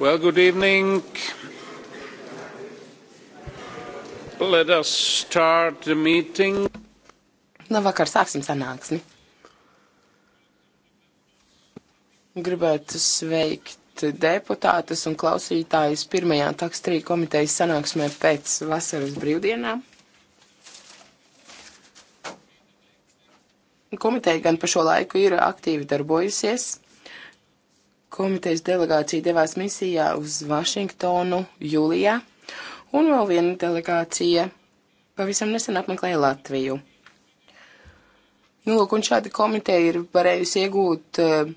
Well, good evening. Let us start the meeting. Labvakar, nu, sāksim sanāksmi. Gribētu sveikt deputātus un klausītājus pirmajā takstrī komitejas sanāksmē pēc vasaras brīvdienām. Komiteja gan pa šo laiku ir aktīvi darbojusies komitejas delegācija devās misijā uz Vašingtonu jūlijā, un vēl viena delegācija pavisam nesen apmeklēja Latviju. Nu, lūk, un šāda komiteja ir varējusi iegūt eh,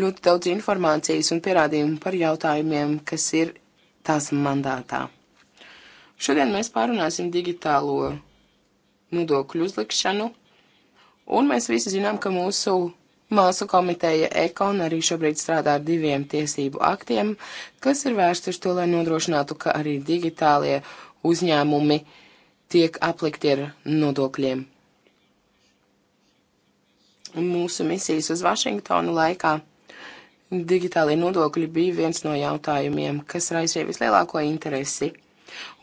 ļoti daudz informācijas un pierādījumu par jautājumiem, kas ir tās mandātā. Šodien mēs pārunāsim digitālo nodokļu uzlikšanu, un mēs visi zinām, ka mūsu Māsu komiteja Ekon arī šobrīd strādā ar diviem tiesību aktiem, kas ir vērsti uz to, lai nodrošinātu, ka arī digitālie uzņēmumi tiek aplikti ar nodokļiem. Mūsu misijas uz Vašingtonu laikā digitālie nodokļi bija viens no jautājumiem, kas raisīja vislielāko interesi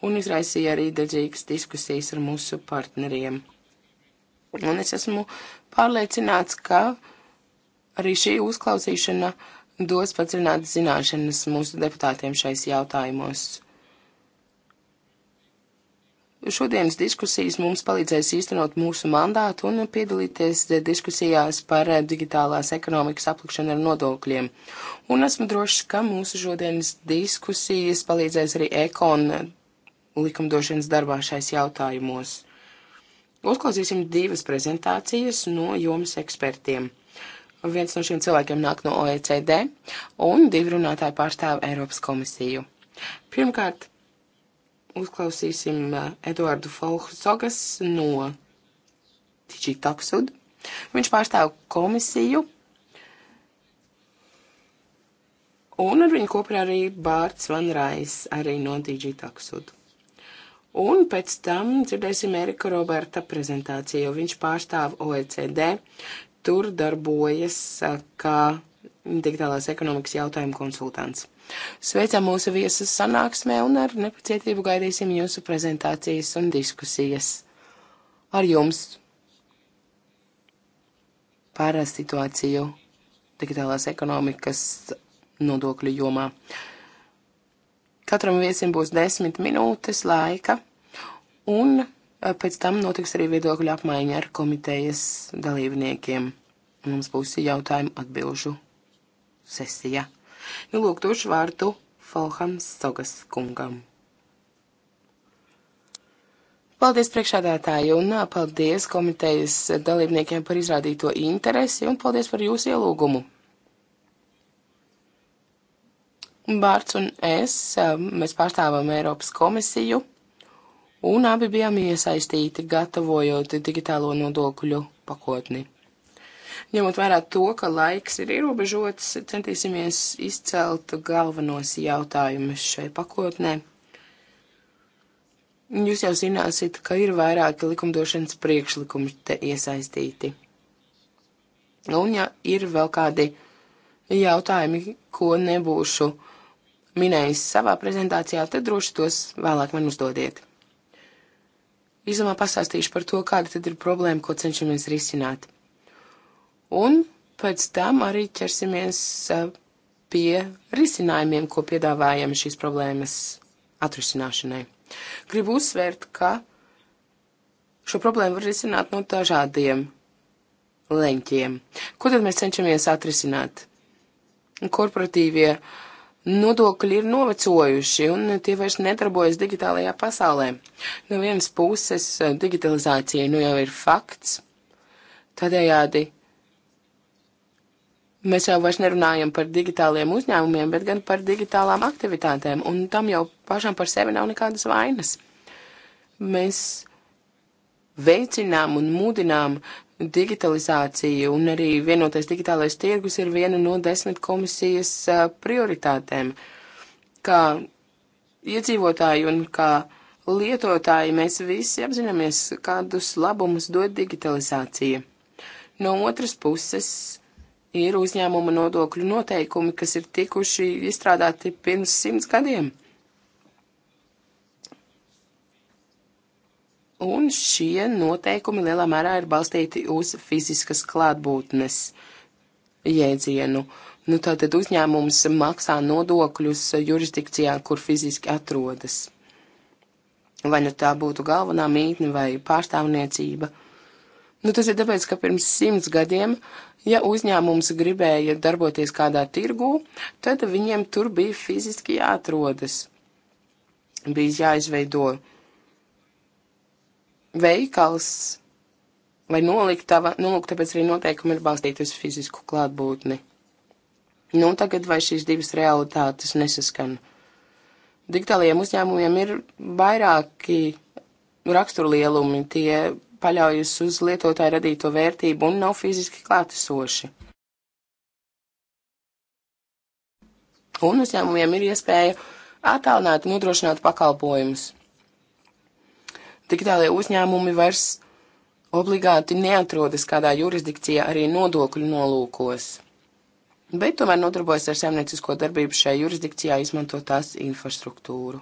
un izraisīja arī dedzīgas diskusijas ar mūsu partneriem. Un es esmu pārliecināts, ka Arī šī uzklausīšana dos padziļināt zināšanas mūsu deputātiem šais jautājumos. Šodienas diskusijas mums palīdzēs īstenot mūsu mandātu un piedalīties diskusijās par digitālās ekonomikas aplikšanu ar nodokļiem. Un esmu drošs, ka mūsu šodienas diskusijas palīdzēs arī ekon likumdošanas darbā šais jautājumos. Uzklausīsim divas prezentācijas no jomas ekspertiem. Un viens no šiem cilvēkiem nāk no OECD, un divi runātāji pārstāv Eiropas komisiju. Pirmkārt, uzklausīsim eh, Eduardu Folhsogas no Tigi Taksud. Viņš pārstāv komisiju, un ar viņu kopā arī Bārts Van Rais, arī no Tigi Taksud. Un pēc tam dzirdēsim Erika Roberta prezentāciju. Viņš pārstāv OECD, tur darbojas kā digitālās ekonomikas jautājumu konsultants. Sveicam mūsu viesas sanāksmē un ar nepacietību gaidīsim jūsu prezentācijas un diskusijas ar jums par situāciju digitālās ekonomikas nodokļu jomā. Katram viesim būs desmit minūtes laika un Eh, pēc tam notiks arī viedokļu apmaiņa ar komitejas dalībniekiem. Mums būs jautājumu atbilžu sesija. Nu, lūk, došu vārdu Falhams Sogas kungam. Paldies priekšādātāju un eh, paldies komitejas dalībniekiem par izrādīto interesi un paldies par jūsu ielūgumu. Bārts un es, eh, mēs pārstāvam Eiropas komisiju un abi bijām iesaistīti, gatavojot digitālo nodokļu pakotni. Ņemot vērā to, ka laiks ir ierobežots, centīsimies izcelt galvenos jautājumus šai pakotnē. Jūs jau zināsiet, ka ir vairāki likumdošanas priekšlikumi te iesaistīti. Un ja ir vēl kādi jautājumi, ko nebūšu minējis savā prezentācijā, tad droši tos vēlāk man uzdodiet īsumā pastāstīšu par to, kāda tad ir problēma, ko cenšamies risināt. Un pēc tam arī ķersimies pie risinājumiem, ko piedāvājam šīs problēmas atrisināšanai. Gribu uzsvērt, ka šo problēmu var risināt no dažādiem leņķiem. Ko tad mēs cenšamies atrisināt? Korporatīvie uh, nodokļi ir novecojuši un tie vairs nedarbojas digitālajā pasaulē. No vienas puses digitalizācija nu jau ir fakts, tādējādi mēs jau vairs nerunājam par digitāliem uzņēmumiem, bet gan par digitālām aktivitātēm, un tam jau pašam par sevi nav nekādas vainas. Mēs veicinām un mudinām digitalizācija un arī vienotais digitālais tirgus ir viena no desmit komisijas prioritātēm. Kā iedzīvotāji un kā lietotāji mēs visi apzināmies, kādus labumus dod digitalizācija. No otras puses ir uzņēmuma nodokļu noteikumi, kas ir tikuši izstrādāti pirms simts gadiem. Un šie noteikumi lielā mērā ir balstīti uz fiziskas klātbūtnes jēdzienu. Nu, tātad uzņēmums maksā nodokļus jurisdikcijā, kur fiziski atrodas. Vai nu tā būtu galvenā mītne vai pārstāvniecība. Nu, tas ir tāpēc, ka pirms simts gadiem, ja uzņēmums gribēja darboties kādā tirgū, tad viņiem tur bija fiziski jāatrodas. Bija jāizveido veikals vai noliktava, nu, lūk, tāpēc arī noteikumi ir balstīti uz fizisku klātbūtni. Nu, tagad vai šīs divas realitātes nesaskan? Digitālajiem uzņēmumiem ir vairāki raksturlielumi, tie paļaujas uz lietotāju radīto vērtību un nav fiziski klātesoši. Un uzņēmumiem ir iespēja attālināt un nodrošināt pakalpojumus digitālajie uzņēmumi vairs obligāti neatrodas kādā jurisdikcijā arī nodokļu nolūkos, bet tomēr nodarbojas ar saimniecisko darbību šajā jurisdikcijā, izmanto tās infrastruktūru.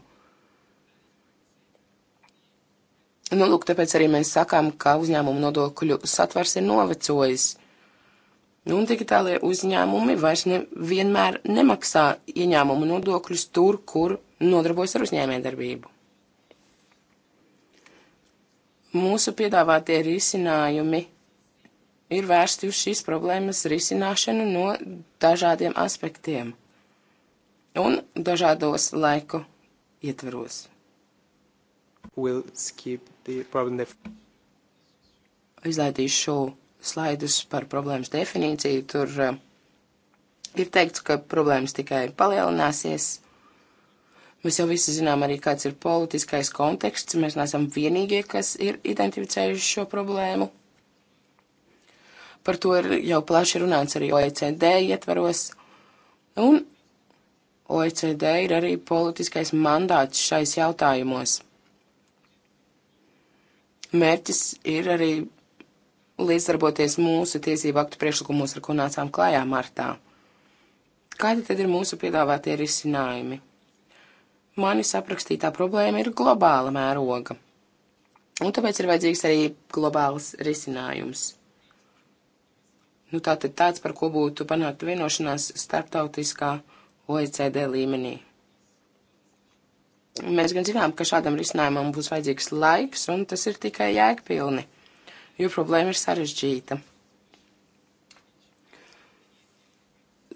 Nu, lūk, tāpēc arī mēs sakām, ka uzņēmumu nodokļu satvars ir novecojis. Nu, un digitālie uzņēmumi vairs ne, vienmēr nemaksā ieņēmumu nodokļus tur, kur nodarbojas ar uzņēmējdarbību. Mūsu piedāvātie risinājumi ir vērsti uz šīs problēmas risināšanu no dažādiem aspektiem un dažādos laiku ietveros. We'll Izlaidīšu slaidus par problēmas definīciju. Tur uh, ir teikts, ka problēmas tikai palielināsies. Mēs jau visi zinām arī, kāds ir politiskais konteksts. Mēs neesam vienīgie, kas ir identificējuši šo problēmu. Par to ir jau plaši runāts arī OECD ietvaros. Un OECD ir arī politiskais mandāts šais jautājumos. Mērķis ir arī līdzdarboties mūsu tiesību aktu priekšlikumos, ar ko nācām klājā martā. Kādi tad ir mūsu piedāvātie risinājumi? manis aprakstītā problēma ir globāla mēroga. Un tāpēc ir vajadzīgs arī globāls risinājums. Nu, tā tad tāds, par ko būtu panākta vienošanās starptautiskā OECD līmenī. Mēs gan zinām, ka šādam risinājumam būs vajadzīgs laiks, un tas ir tikai jēgpilni, jo problēma ir sarežģīta.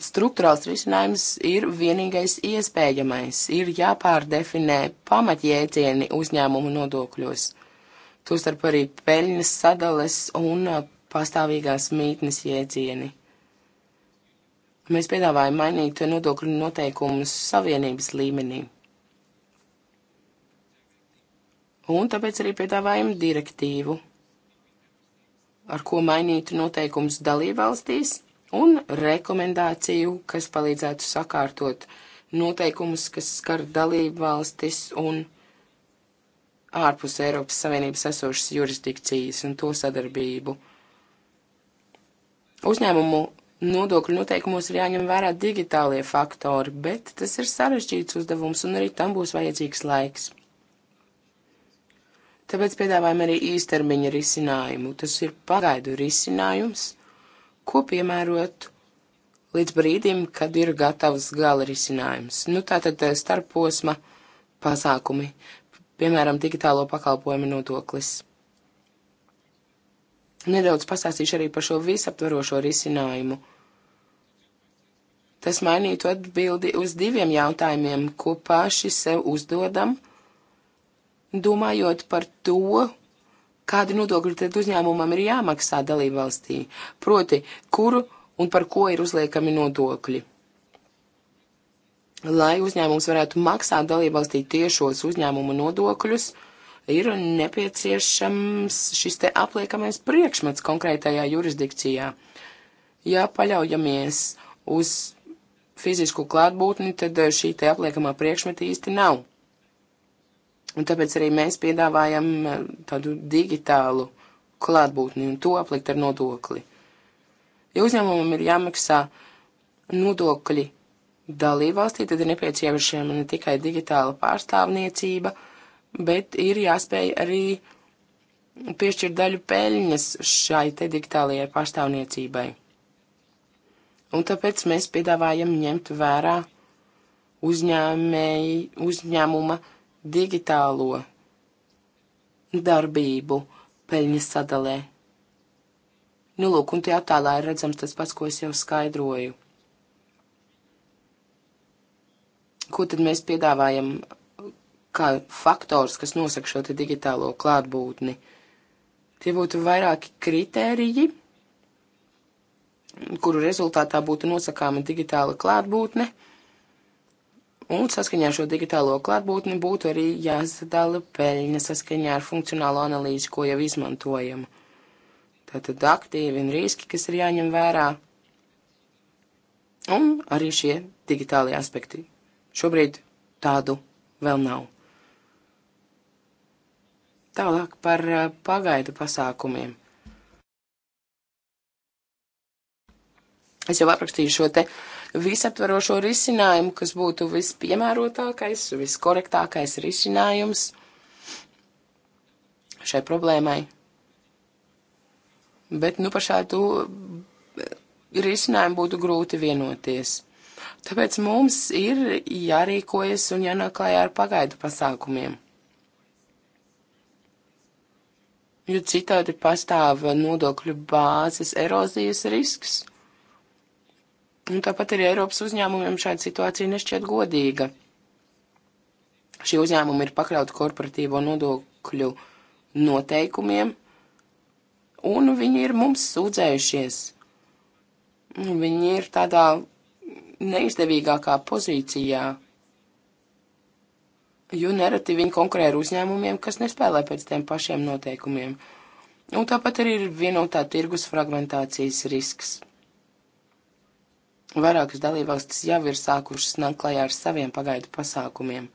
struktūrāls risinājums ir vienīgais iespējamais. Ir jāpārdefinē pamatjēdzieni uzņēmumu nodokļos, tostarp arī peļņas sadales un uh, pastāvīgās mītnes jēdzieni. Mēs piedāvājam mainīt nodokļu noteikumus savienības līmenī. Un tāpēc arī piedāvājam direktīvu, ar ko mainītu noteikumus dalībvalstīs un rekomendāciju, kas palīdzētu sakārtot noteikumus, kas skar dalību valstis un ārpus Eiropas Savienības esošas jurisdikcijas un to sadarbību. Uzņēmumu nodokļu noteikumos ir jāņem vērā digitālie faktori, bet tas ir sarežģīts uzdevums un arī tam būs vajadzīgs laiks. Tāpēc piedāvājam arī īstermiņa risinājumu. Tas ir pagaidu risinājums ko piemērot līdz brīdim, kad ir gatavs gala risinājums. Nu, tā tad eh, starposma pasākumi, piemēram, digitālo pakalpojumu nodoklis. Nedaudz pastāstīšu arī par šo visaptvarošo risinājumu. Tas mainītu atbildi uz diviem jautājumiem, ko paši sev uzdodam, domājot par to, kādi nodokļi tad uzņēmumam ir jāmaksā dalībvalstī, proti, kuru un par ko ir uzliekami nodokļi. Lai uzņēmums varētu maksāt dalībvalstī tiešos uzņēmumu nodokļus, ir nepieciešams šis te apliekamais priekšmets konkrētajā jurisdikcijā. Ja paļaujamies uz fizisku klātbūtni, tad šī te apliekamā priekšmeta īsti nav. Un tāpēc arī mēs piedāvājam eh, tādu digitālu klātbūtni un to aplikt ar nodokli. Ja uzņēmumam ir jāmaksā nodokļi dalībvalstī, tad ir nepieciešama ne tikai digitāla pārstāvniecība, bet ir jāspēj arī piešķirt daļu peļņas šai te digitālajai pārstāvniecībai. Un tāpēc mēs piedāvājam ņemt vērā uzņēmēji, uzņēmuma digitālo darbību peļņas sadalē. Nu, lūk, un tie attēlā ir redzams tas pats, ko es jau skaidroju. Ko tad mēs piedāvājam kā faktors, kas nosaka šo te digitālo klātbūtni? Tie būtu vairāki kritēriji, kuru rezultātā būtu nosakāma digitāla klātbūtne. Un saskaņā ar šo digitālo klātbūtni būtu arī jāsadala peļņa saskaņā ar funkcionālo analīzi, ko jau izmantojam. Tātad aktīvi un riski, kas ir jāņem vērā. Un arī šie digitālie aspekti. Šobrīd tādu vēl nav. Tālāk par pagaidu pasākumiem. Es jau aprakstīju šo te uh, visaptvarošo risinājumu, kas būtu vispiemērotākais, viskorektākais risinājums šai problēmai. Bet, nu, par šādu risinājumu būtu grūti vienoties. Tāpēc mums ir jārīkojas un jānāk klājā ar pagaidu pasākumiem. Jo citādi pastāv nodokļu bāzes erozijas risks. Un nu, tāpat arī Eiropas uzņēmumiem šāda situācija nešķiet godīga. Šie uzņēmumi ir pakļauti korporatīvo nodokļu noteikumiem, un viņi ir mums sūdzējušies. Viņi ir tādā neizdevīgākā pozīcijā, jo nereti viņi konkurē ar uzņēmumiem, kas nespēlē pēc tiem pašiem noteikumiem. Un tāpat arī ir vienotā tirgus fragmentācijas risks. Vairākas dalībvalstis jau ir sākušas nākt klajā ar saviem pagaidu pasākumiem.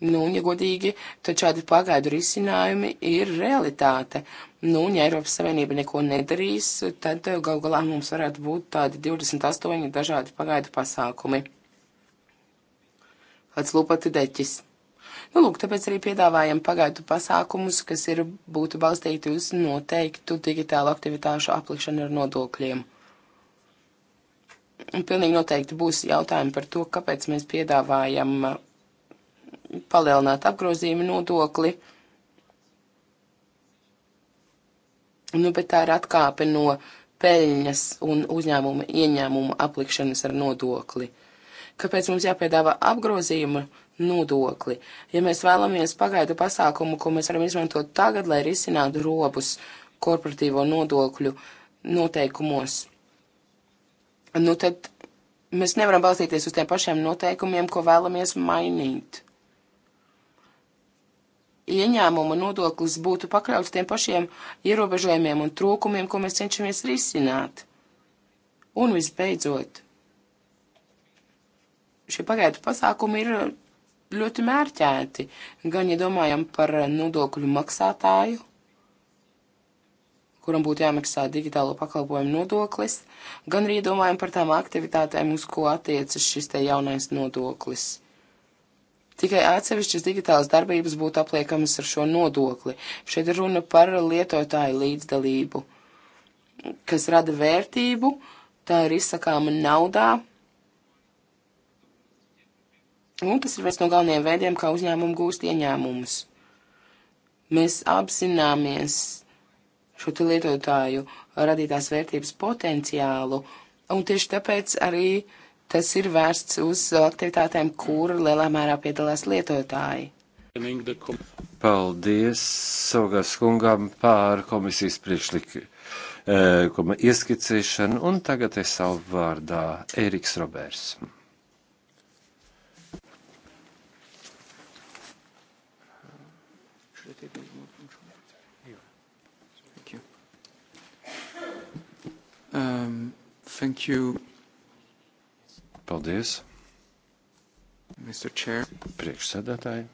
Nu, un, ja godīgi, tad šādi pagaidu risinājumi ir realitāte. Nu, un, ja Eiropas Savienība neko nedarīs, tad gal galā mums varētu būt tādi 28 dažādi pagaidu pasākumi. Kāds lupati deķis. Nu, lūk, tāpēc arī piedāvājam pagaidu pasākumus, kas ir būtu balstīti uz noteiktu digitālu aktivitāšu aplikšanu ar nodokļiem. Un pilnīgi noteikti būs jautājumi par to, kāpēc mēs piedāvājam uh, palielināt apgrozījuma nodokli. Nu, bet tā ir atkāpe no peļņas un uzņēmuma ieņēmuma aplikšanas ar nodokli. Kāpēc mums jāpiedāvā apgrozījuma nodokli? Ja mēs vēlamies pagaidu pasākumu, ko mēs varam izmantot tagad, lai risinātu robus korporatīvo nodokļu noteikumos nu tad mēs nevaram balstīties uz tiem pašiem noteikumiem, ko vēlamies mainīt. Ieņēmuma nodoklis būtu pakļauts tiem pašiem ierobežojumiem un trūkumiem, ko mēs cenšamies risināt. Un visbeidzot, šie pagaidu pasākumi ir ļoti mērķēti, gan ja domājam par nodokļu maksātāju, kuram būtu jāmaksā digitālo pakalpojumu nodoklis, gan arī domājam par tām aktivitātēm, uz ko attiecas šis te jaunais nodoklis. Tikai atsevišķas digitālas darbības būtu apliekamas ar šo nodokli. Šeit runa par lietotāju līdzdalību, kas rada vērtību, tā ir izsakāma naudā, Un tas ir viens no galvenajiem veidiem, kā uzņēmumi gūst ieņēmumus. Mēs apzināmies šo lietotāju radītās vērtības potenciālu, un tieši tāpēc arī tas ir vērsts uz aktivitātēm, kur lielā mērā piedalās lietotāji. Paldies Saugas kungam pār komisijas priekšlikuma eh, ieskicēšanu, un tagad es savu vārdā Eriks Roberts. Um, thank you. Paldies. Mr. Chair. Priekšsēdētāji.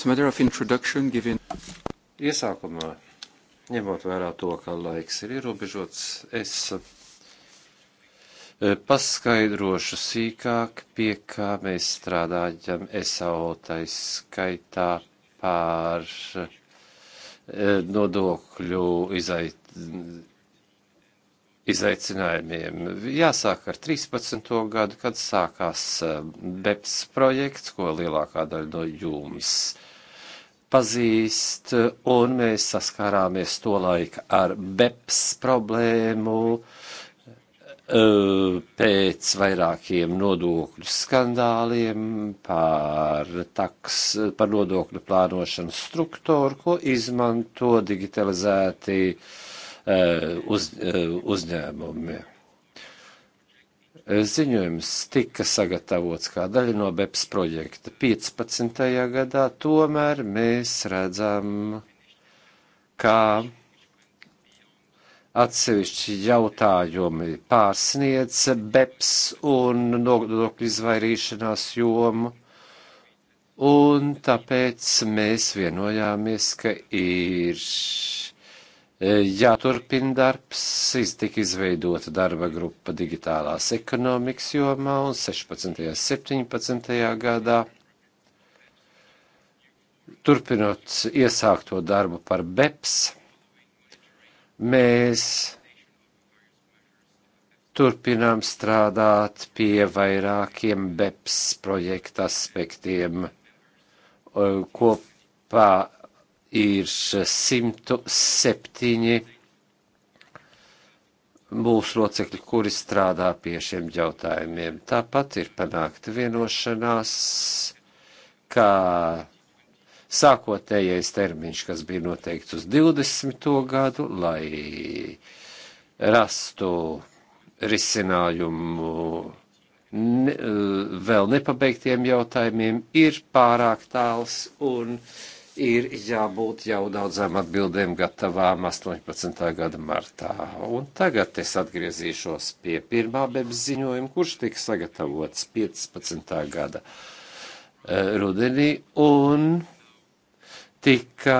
As a matter of introduction, given... Iesākumā, ņemot vērā to, ka laiks ir ierobežots, es eh, paskaidrošu sīkāk, pie kā mēs strādājam SAO taiskaitā pār eh, nodokļu izai, izaicinājumiem. Jāsāk ar 13. gadu, kad sākās eh, BEPS projekts, ko lielākā daļa no jums pazīst, un mēs saskārāmies to laika ar BEPS problēmu eh, pēc vairākiem nodokļu skandāliem par, taks, par nodokļu plānošanas struktūru, ko izmanto digitalizēti uh, Uh, uz, uh, uzņēmumi. Uh, ziņojums tika sagatavots kā daļa no BEPS projekta 15. gadā, tomēr mēs redzam, kā atsevišķi jautājumi pārsniedz BEPS un nodokļu izvairīšanās jomu. Un tāpēc mēs vienojāmies, ka ir E, jāturpina darbs, tika izveidota darba grupa digitālās ekonomikas jomā un 16. un 17. gadā. Turpinot iesākto darbu par BEPS, mēs turpinām strādāt pie vairākiem BEPS projekta aspektiem e, kopā ir 107 mūsu locekļi, kuri strādā pie šiem jautājumiem. Tāpat ir panākta vienošanās, ka sākotnējais termiņš, kas bija noteikts uz 20. gadu, lai rastu risinājumu ne, eh, vēl nepabeigtiem jautājumiem, ir pārāk tāls un uh, ir jābūt jau daudzām atbildēm gatavām 18. gada martā. Un tagad es atgriezīšos pie pirmā bebs ziņojuma, kurš tika sagatavots 15. gada eh, rudenī un tika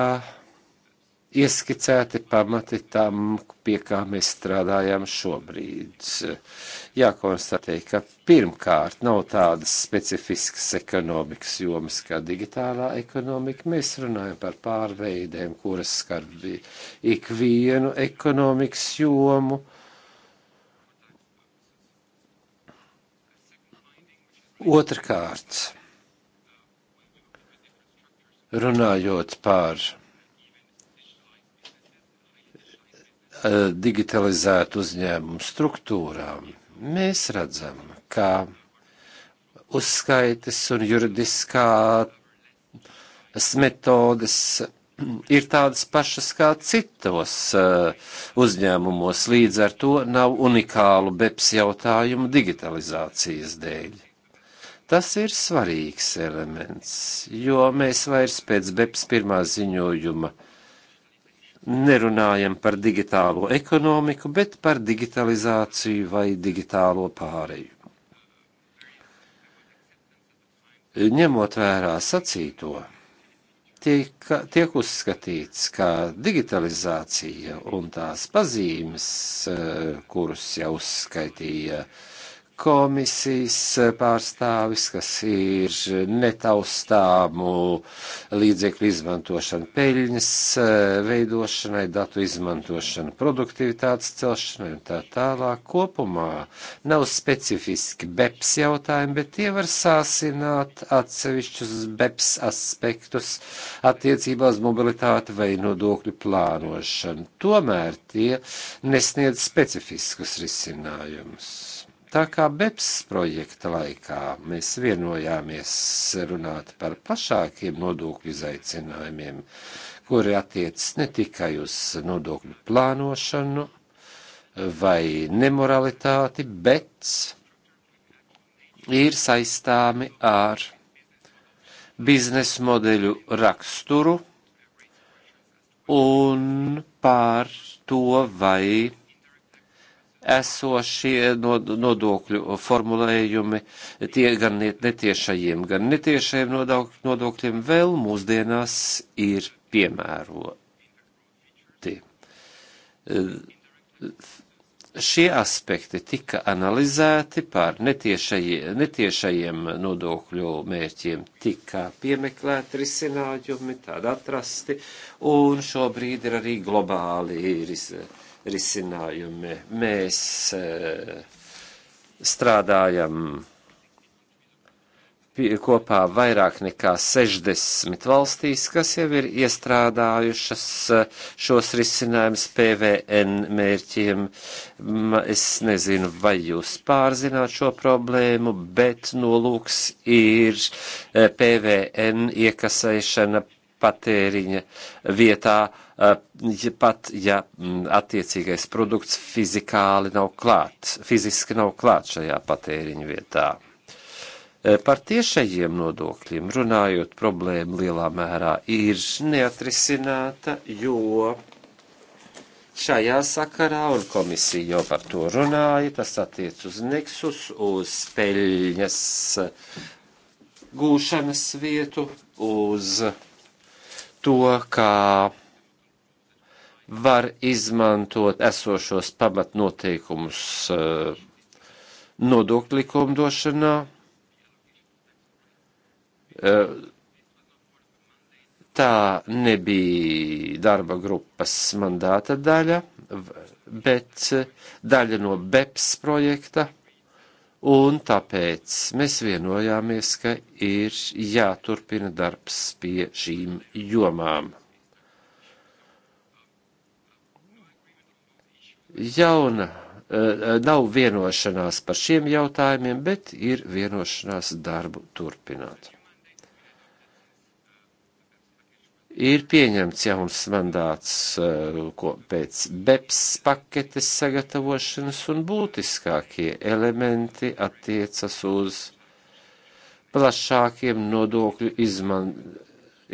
ieskicēti pamati tam, pie kā mēs strādājam šobrīd. Jākonstatē, ka pirmkārt nav tādas specifiskas ekonomikas jomas kā digitālā ekonomika. Mēs runājam par pārveidēm, kuras skar ikvienu ekonomikas jomu. Otrkārt, runājot par Eh, digitalizētu uzņēmumu struktūrām, mēs redzam, ka uzskaites un juridiskā metodes ir tādas pašas kā citos eh, uzņēmumos, līdz ar to nav unikālu BEPS jautājumu digitalizācijas dēļ. Tas ir svarīgs elements, jo mēs vairs pēc BEPS pirmā ziņojuma uh, nerunājam par digitālo ekonomiku, bet par digitalizāciju vai digitālo pāreju. Ņemot vērā sacīto, tiek, tiek uzskatīts, ka digitalizācija un tās pazīmes, eh, kurus jau uzskaitīja uh, komisijas pārstāvis, kas ir netaustāmu līdzekļu izmantošana peļņas eh, veidošanai, datu izmantošana produktivitātes celšanai un tā tālāk. Kopumā nav specifiski BEPS jautājumi, bet tie var sāsināt atsevišķus BEPS aspektus attiecībā uz mobilitāti vai nodokļu plānošanu. Tomēr tie nesniedz specifiskus risinājumus. Tā kā BEPS projekta laikā mēs vienojāmies runāt par plašākiem nodokļu izaicinājumiem, kuri attiec ne tikai uz nodokļu plānošanu vai nemoralitāti, bet ir saistāmi ar biznesa modeļu raksturu un par to, vai esošie nodokļu formulējumi, tie gan netiešajiem, gan netiešajiem nodokļiem vēl mūsdienās ir piemēroti. Šie aspekti tika analizēti par netiešajie, netiešajiem nodokļu mērķiem, tika piemeklēti risinājumi, tādi atrasti, un šobrīd ir arī globāli risinājumi risinājumi. Mēs eh, strādājam kopā vairāk nekā 60 valstīs, kas jau ir iestrādājušas eh, šos risinājumus PVN mērķiem. Es nezinu, vai jūs pārzināt šo problēmu, bet nolūks ir eh, PVN iekasēšana patēriņa vietā ja pat ja mm, attiecīgais produkts fizikāli nav klāts, fiziski nav klāts šajā patēriņu vietā. Par tiešajiem nodokļiem runājot, problēma lielā mērā ir neatrisināta, jo šajā sakarā, un komisija jau par to runāja, tas attiec uz neksus, uz peļņas gūšanas vietu, uz to, kā var izmantot esošos pamatnoteikumus eh, nodokļu likumdošanā. Eh, tā nebija darba grupas mandāta daļa, bet daļa no BEPS projekta, un tāpēc mēs vienojāmies, ka ir jāturpina darbs pie šīm jomām. jauna eh, eh, nav vienošanās par šiem jautājumiem, bet ir vienošanās darbu turpināt. Ir pieņemts jauns mandāts eh, ko pēc BEPS paketes sagatavošanas un būtiskākie elementi attiecas uz plašākiem nodokļu izman,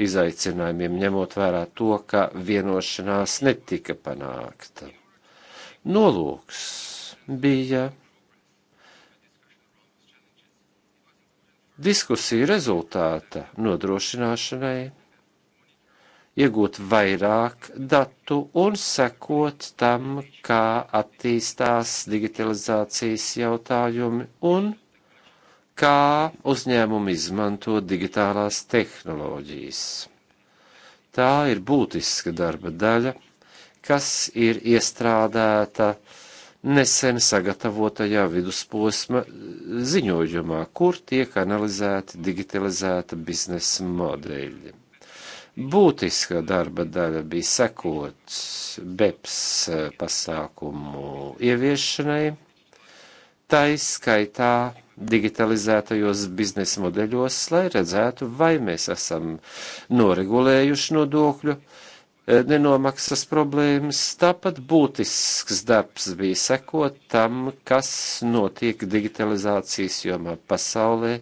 izaicinājumiem, ņemot vērā to, ka vienošanās netika panākta. Nolūks bija diskusiju rezultāta nodrošināšanai, iegūt vairāk datu un sekot tam, kā attīstās digitalizācijas jautājumi un kā uzņēmumi izmanto digitālās tehnoloģijas. Tā ir būtiska darba daļa kas ir iestrādēta nesen sagatavotajā vidusposma ziņojumā, kur tiek analizēti digitalizēta biznesa modeļi. Būtiska darba daļa bija sekot BEPS pasākumu ieviešanai, taiskaitā digitalizētajos biznesa modeļos, lai redzētu, vai mēs esam noregulējuši nodokļu uh, E, nenomaksas problēmas, tāpat būtisks darbs bija sekot tam, kas notiek digitalizācijas jomā pasaulē.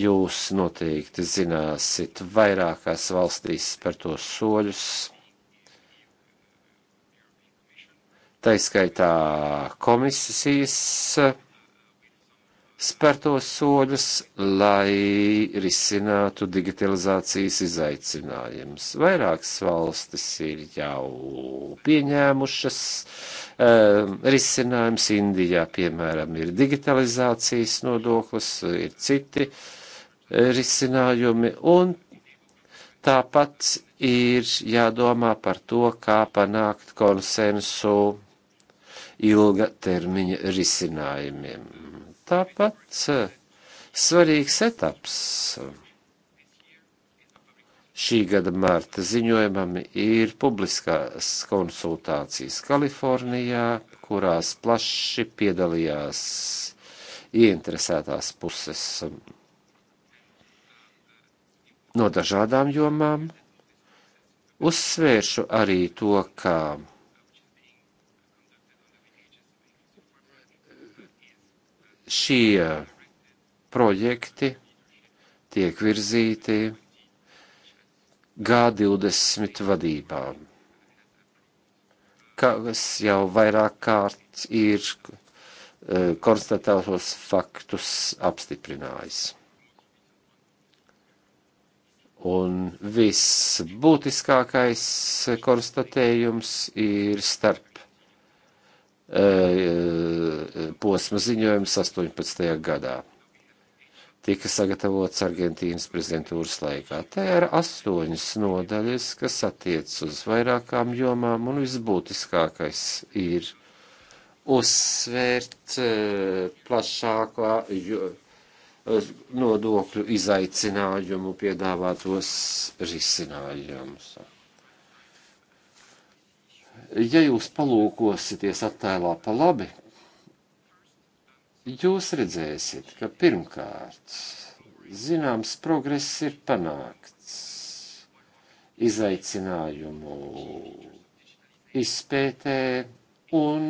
Jūs noteikti zināsit vairākās valstīs par to soļus. Taiskaitā komisijas spērtos soļus, lai risinātu digitalizācijas izaicinājumus. Vairākas valstis ir jau pieņēmušas um, ehm, risinājums. Indijā, piemēram, ir digitalizācijas nodoklis, ir citi eh, risinājumi, un tāpat ir jādomā par to, kā panākt konsensu ilga termiņa risinājumiem Tāpat eh, svarīgs etaps šī gada marta ziņojumam ir publiskās konsultācijas Kalifornijā, kurās plaši piedalījās ieinteresētās puses no dažādām jomām. Uzsvēršu arī to, ka šie projekti tiek virzīti G20 vadībām, kas jau vairāk kārt ir e, konstatētos faktus apstiprinājis. Un viss būtiskākais konstatējums ir starp Eh, eh, posma ziņojums 18. gadā. Tika sagatavots Argentīnas prezidentūras laikā. Tā ir astoņas nodaļas, kas attiec uz vairākām jomām, un visbūtiskākais ir uzsvērt eh, plašākā nodokļu izaicinājumu piedāvātos risinājumus ja jūs palūkosieties attēlā pa labi, jūs redzēsiet, ka pirmkārt, zināms, progress ir panākts izaicinājumu izpētē un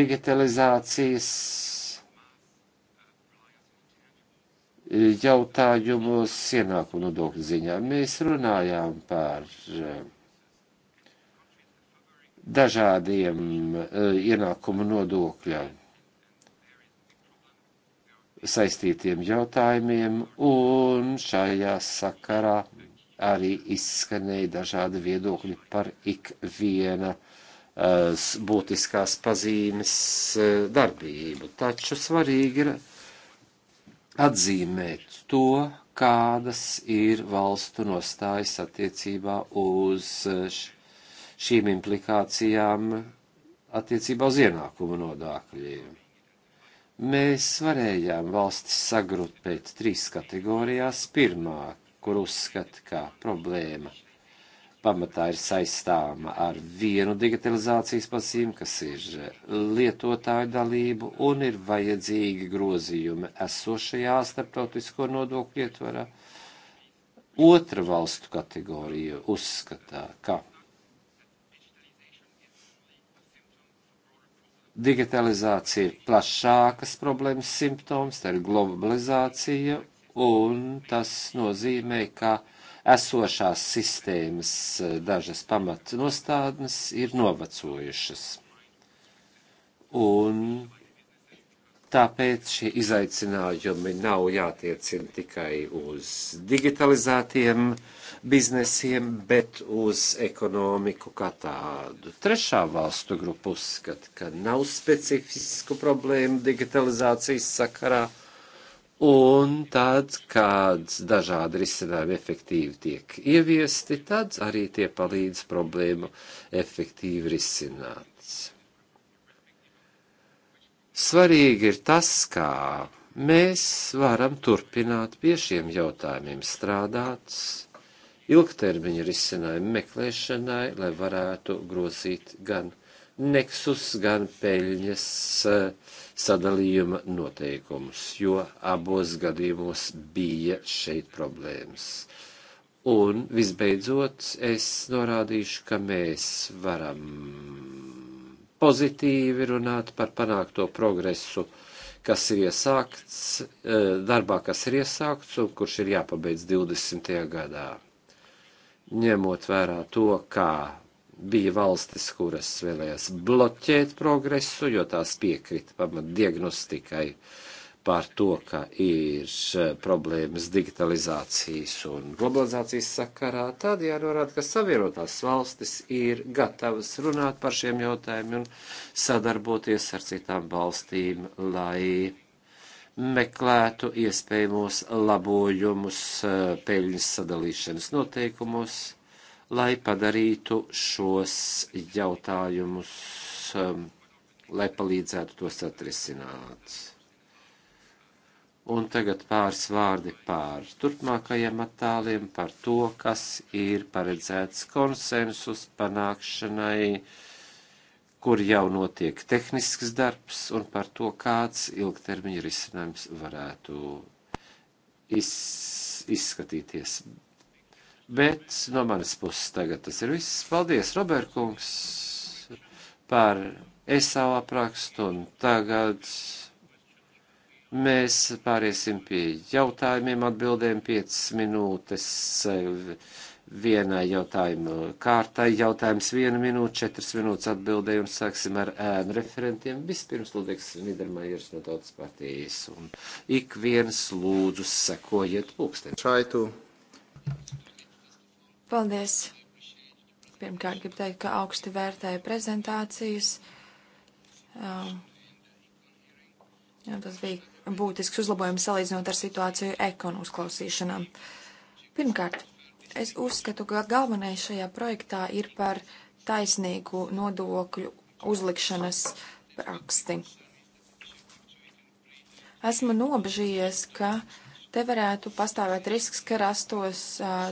digitalizācijas jautājumos ienākumu nodokļu ziņā. Mēs runājām par uh, dažādiem eh, ienākumu nodokļiem saistītiem jautājumiem, un šajā sakarā arī izskanēja dažādi viedokļi par ikviena eh, būtiskās pazīmes eh, darbību. Taču svarīgi ir atzīmēt to, kādas ir valstu nostājas attiecībā uz šīm implikācijām attiecībā uz ienākumu nodokļiem. Mēs varējām valstis sagrupēt trīs kategorijās. Pirmā, kur uzskata, ka problēma pamatā ir saistāma ar vienu digitalizācijas pasīmu, kas ir lietotāju dalību un ir vajadzīgi grozījumi esošajā starptautisko nodokļu ietvarā. Otra valstu kategorija uzskatā, ka Digitalizācija ir plašākas problēmas simptoms, tā ir globalizācija, un tas nozīmē, ka esošās sistēmas eh, dažas pamatnostādnes ir novecojušas. Un tāpēc šie izaicinājumi nav jātiecina tikai uz digitalizētiem uh, biznesiem, bet uz ekonomiku kā tādu. Trešā valstu grupa uzskata, ka nav specifisku problēmu digitalizācijas sakarā, un tad, kad dažādi risinājumi efektīvi tiek ieviesti, tad arī tie palīdz problēmu efektīvi risināt. Svarīgi ir tas, kā mēs varam turpināt pie šiem jautājumiem strādāt, ilgtermiņa risinājumu meklēšanai, lai varētu grozīt gan neksus, gan peļņas eh, sadalījuma noteikumus, jo abos gadījumos bija šeit problēmas. Un visbeidzot, es norādīšu, ka mēs varam pozitīvi runāt par panākto progresu, kas ir iesākts, eh, darbā, kas ir iesākts un kurš ir jāpabeidz 20. gadā ņemot vērā to, kā bija valstis, kuras vēlējās bloķēt progresu, jo tās piekrita pamat diagnostikai par to, ka ir eh, problēmas digitalizācijas un globalizācijas sakarā, tad jānorāda, ka savienotās valstis ir gatavas runāt par šiem jautājumiem un sadarboties ar citām valstīm, lai meklētu iespējamos labojumus eh, peļņas sadalīšanas noteikumos, lai padarītu šos jautājumus, eh, lai palīdzētu tos atrisināt. Un tagad pāris vārdi pār turpmākajiem attāliem par to, kas ir paredzēts konsensus panākšanai uh, kur jau notiek tehnisks darbs un par to, kāds ilgtermiņa risinājums varētu iz, izskatīties. Bet no manas puses tagad tas ir viss. Paldies, Roberkungs, par esau aprakstu un tagad. Mēs pāriesim pie jautājumiem, atbildēm 5 minūtes eh, vienai jautājumu kārtai. Jautājums viena minūte, četras minūtes atbildēju un sāksim ar ēnu referentiem. Vispirms Ludvigs Nidermājers no Tautas partijas un ik viens lūdzu sekojiet pulksteni. Šaitu. Paldies. Pirmkārt, gribu teikt, ka augsti vērtēju prezentācijas. Um, jā, tas bija būtisks uzlabojums salīdzinot ar situāciju ekonu uzklausīšanām. Pirmkārt, Es uzskatu, ka galvenais šajā projektā ir par taisnīgu nodokļu uzlikšanas praksti. Esmu nobežījies, ka te varētu pastāvēt risks, ka rastos uh,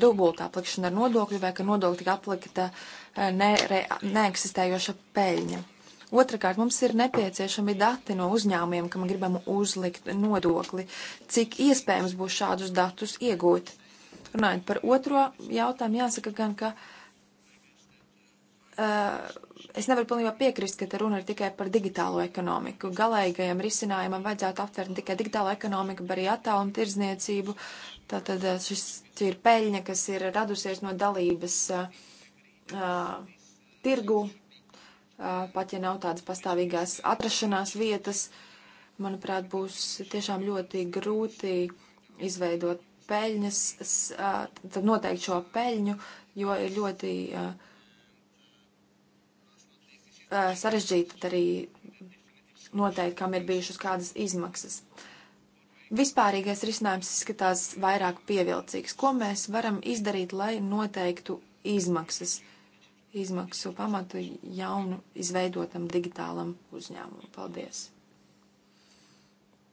dubulta aplikšana ar nodokļu vai ka nodokļi tika aplikta uh, ne, re, neeksistējoša peļņa. Otrakārt, mums ir nepieciešami dati no uzņēmumiem, kam gribam uzlikt nodokli, cik iespējams būs šādus datus iegūt. Uh, Runājot par otro jautājumu, jāsaka gan, ka uh, es nevaru pilnībā piekrist, ka te runa ir tikai par digitālo ekonomiku. Galīgajam risinājumam vajadzētu aptvert ne tikai digitālo ekonomiku, bet arī attālumu tirzniecību. Tātad šis ir peļņa, kas ir radusies no dalības uh, uh, tirgu, uh, pat ja nav tādas pastāvīgās atrašanās vietas. Manuprāt, būs tiešām ļoti grūti izveidot peļņas, tad noteikti šo peļņu, jo ir ļoti sarežģīti arī noteikt, kam ir bijušas kādas izmaksas. Vispārīgais risinājums izskatās vairāk pievilcīgs. Ko mēs varam izdarīt, lai noteiktu izmaksas, izmaksu pamatu jaunu izveidotam digitālam uzņēmumu? Paldies!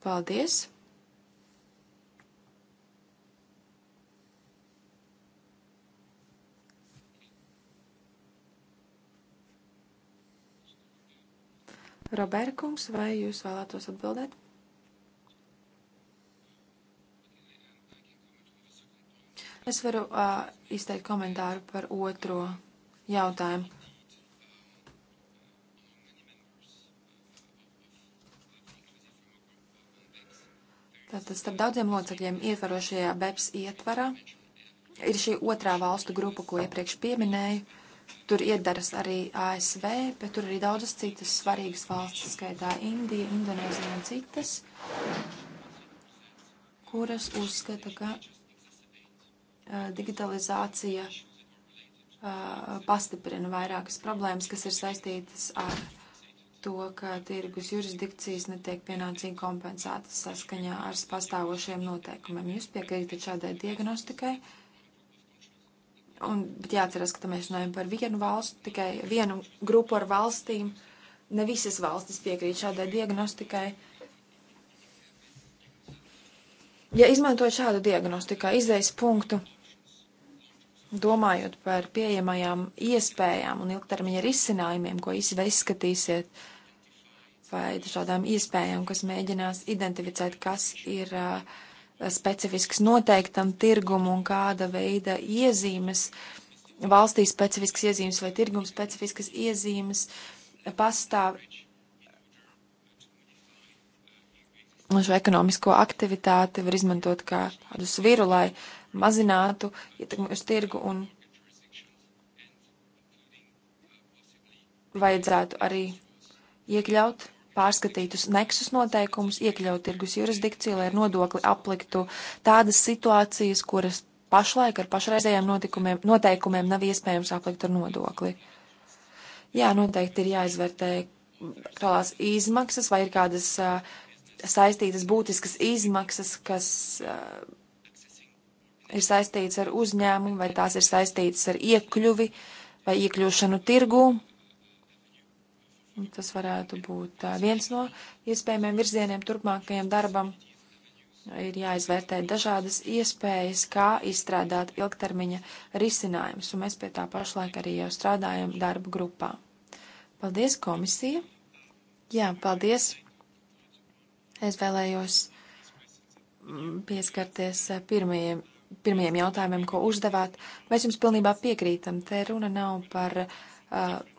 Paldies! Roberkungs, vai jūs vēlētos atbildēt? Es varu uh, izteikt komentāru par otro jautājumu. Tātad starp daudziem locekļiem ietvarošajā BEPS ietvarā ir šī otrā valstu grupa, ko iepriekš pieminēju. Uh, Tur iedaras arī ASV, bet tur arī daudzas citas svarīgas valstis, skaitā Indija, Indonēzija un citas, kuras uzskata, ka uh, digitalizācija uh, pastiprina vairākas problēmas, kas ir saistītas ar to, ka tirgus jurisdikcijas netiek pienācīgi kompensētas saskaņā ar pastāvošiem noteikumiem. Jūs piekrītat šādai diagnostikai? Uh, Un, bet jāatcerās, ka mēs runājam par vienu valstu, tikai vienu grupu ar valstīm. Ne visas valstis piekrīt šādai diagnostikai. Ja izmantojot šādu diagnostiku, izējas punktu, domājot par pieejamajām iespējām un ilgtermiņa risinājumiem, ko izskatīsiet, vai dažādām iespējām, kas mēģinās identificēt, kas ir uh, specifisks noteiktam tirgumu un kāda veida iezīmes, valstī specifiskas iezīmes vai tirgums specifiskas iezīmes pastāv Un šo ekonomisko aktivitāti var izmantot kā tādu sviru, lai mazinātu ietekmi uz tirgu un vajadzētu arī iekļaut pārskatītus neksus noteikumus, iekļaut tirgus jurisdikciju, lai ar nodokli apliktu tādas situācijas, kuras pašlaik ar pašreizējiem noteikumiem nav iespējams aplikt ar nodokli. Jā, noteikti ir jāizvērtē krālās izmaksas vai ir kādas a, saistītas būtiskas izmaksas, kas a, ir saistītas ar uzņēmumu vai tās ir saistītas ar iekļuvi vai iekļūšanu tirgū. Tas varētu būt viens no iespējamiem virzieniem turpmākajam darbam. Ir jāizvērtē dažādas iespējas, kā izstrādāt ilgtermiņa risinājumus, un mēs pie tā pašlaik arī jau strādājam darba grupā. Paldies, komisija! Jā, paldies! Es vēlējos mm, pieskarties pirmajiem, pirmajiem jautājumiem, ko uzdevāt. Mēs jums pilnībā piekrītam. Te runa nav par uh,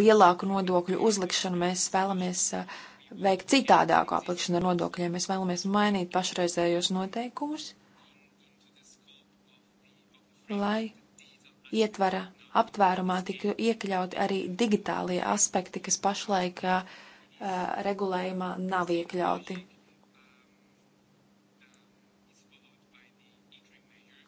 lielāku nodokļu uzlikšanu, mēs vēlamies uh, veikt citādāku aplikšanu ar nodokļiem, mēs vēlamies mainīt pašreizējos noteikumus, lai ietvara aptvērumā tika iekļauti arī digitālie aspekti, kas pašlaik uh, uh regulējumā nav iekļauti.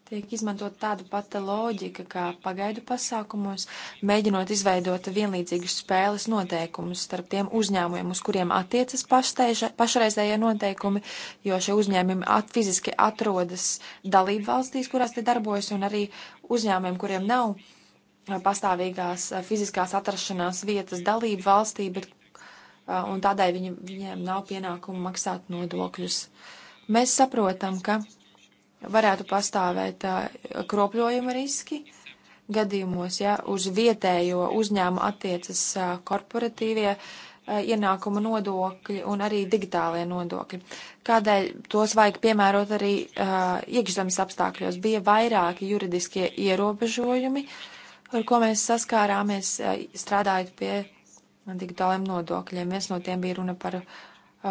tiek izmantot tāda pata loģika, kā pagaidu pasākumos, mēģinot izveidot vienlīdzīgus spēles noteikumus starp tiem uzņēmumiem, uz kuriem attiecas pašteiža, pašreizējie noteikumi, jo šie uzņēmumi at, fiziski atrodas dalību valstīs, kurās te darbojas, un arī uzņēmumiem, kuriem nav pastāvīgās fiziskās atrašanās vietas dalību valstī, bet, un tādēļ viņi, viņiem nav pienākumu maksāt nodokļus. Mēs saprotam, ka varētu pastāvēt kropļojuma riski gadījumos, ja uz vietējo uzņēmu attiecas korporatīvie ienākuma nodokļi un arī digitālie nodokļi. Kādēļ tos vajag piemērot arī iekšzemes apstākļos? Bija vairāki juridiskie ierobežojumi, ar ko mēs saskārāmies strādājot pie digitāliem nodokļiem. Viens no tiem bija runa par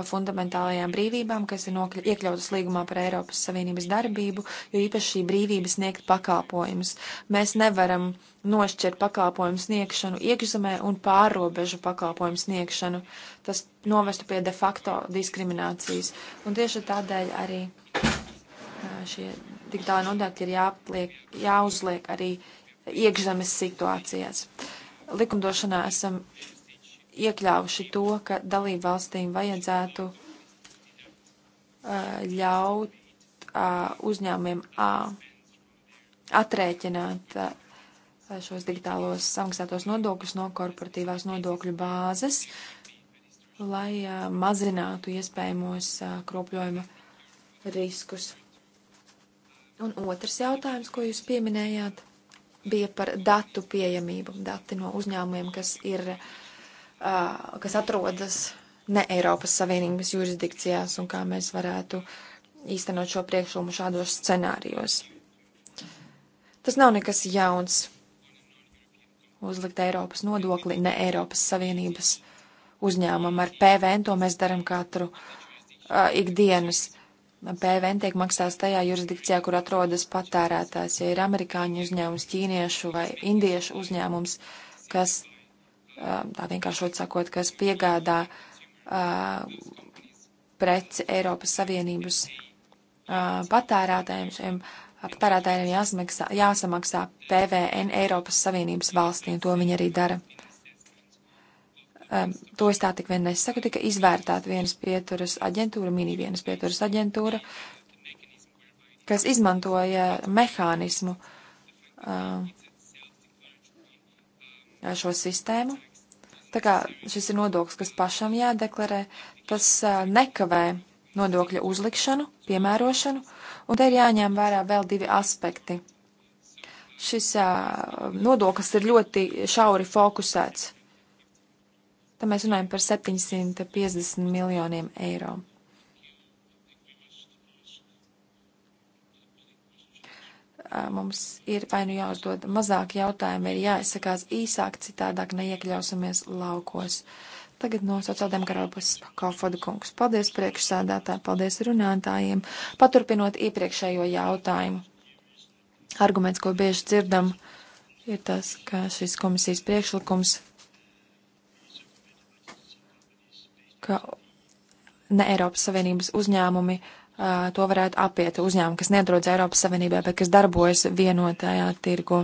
fundamentālajām brīvībām, kas ir nokļu, iekļautas līgumā par Eiropas Savienības darbību, jo īpaši šī brīvība sniegt pakalpojumus. Mēs nevaram nošķirt pakalpojumu sniegšanu iekšzemē un pārrobežu pakalpojumu sniegšanu. Tas novestu pie de facto diskriminācijas. Un tieši tādēļ arī šie tik tālu nodokļi ir jāpliek, jāuzliek arī iekšzemes situācijās. Likumdošanā esam iekļāvuši to, ka dalību valstīm vajadzētu uh, ļaut uh, uzņēmumiem uh, atrēķināt uh, šos digitālos samaksātos nodokļus no korporatīvās nodokļu bāzes, lai uh, mazinātu iespējamos uh, kropļojuma riskus. Un otrs jautājums, ko jūs pieminējāt, bija par datu pieejamību. Dati no uzņēmumiem, kas ir uh, kas atrodas ne Eiropas Savienības jurisdikcijās un kā mēs varētu īstenot šo priekšlikumu šādos scenārijos. Tas nav nekas jauns uzlikt Eiropas nodokli ne Eiropas Savienības uzņēmumam ar PVN, to mēs daram katru uh, ikdienas. PVN tiek maksāts tajā jurisdikcijā, kur atrodas patērētājs, ja ir amerikāņu uzņēmums, ķīniešu vai indiešu uzņēmums, kas tā vienkāršot sakot, kas piegādā preci Eiropas Savienības patērētājiem, šiem patērētājiem jāsamaksā, jāsamaksā PVN Eiropas Savienības valstī, un to viņi arī dara. Um, to es tā tik vien nesaku, tika izvērtāta vienas pieturas aģentūra, mini vienas pieturas aģentūra, kas izmantoja mehānismu, um, šo sistēmu. Tā kā šis ir nodoklis, kas pašam jādeklarē, tas nekavē nodokļa uzlikšanu, piemērošanu, un te ir jāņem vērā vēl divi aspekti. Šis nodoklis ir ļoti šauri fokusēts. Tā mēs runājam par 750 miljoniem eiro. mums ir vai nu jāuzdod mazāk jautājumu, ir jāizsakās īsāk, citādāk neiekļausimies laukos. Tagad no sociāliem karalpas Kaufoda kungs. Paldies priekšsēdētāji, paldies runātājiem. Paturpinot iepriekšējo jautājumu. Arguments, ko bieži dzirdam, ir tas, ka šis komisijas priekšlikums, ka ne Eiropas Savienības uzņēmumi uh, to varētu apiet uzņēmumi, kas neatrodas Eiropas Savienībā, bet kas darbojas vienotajā tirgu.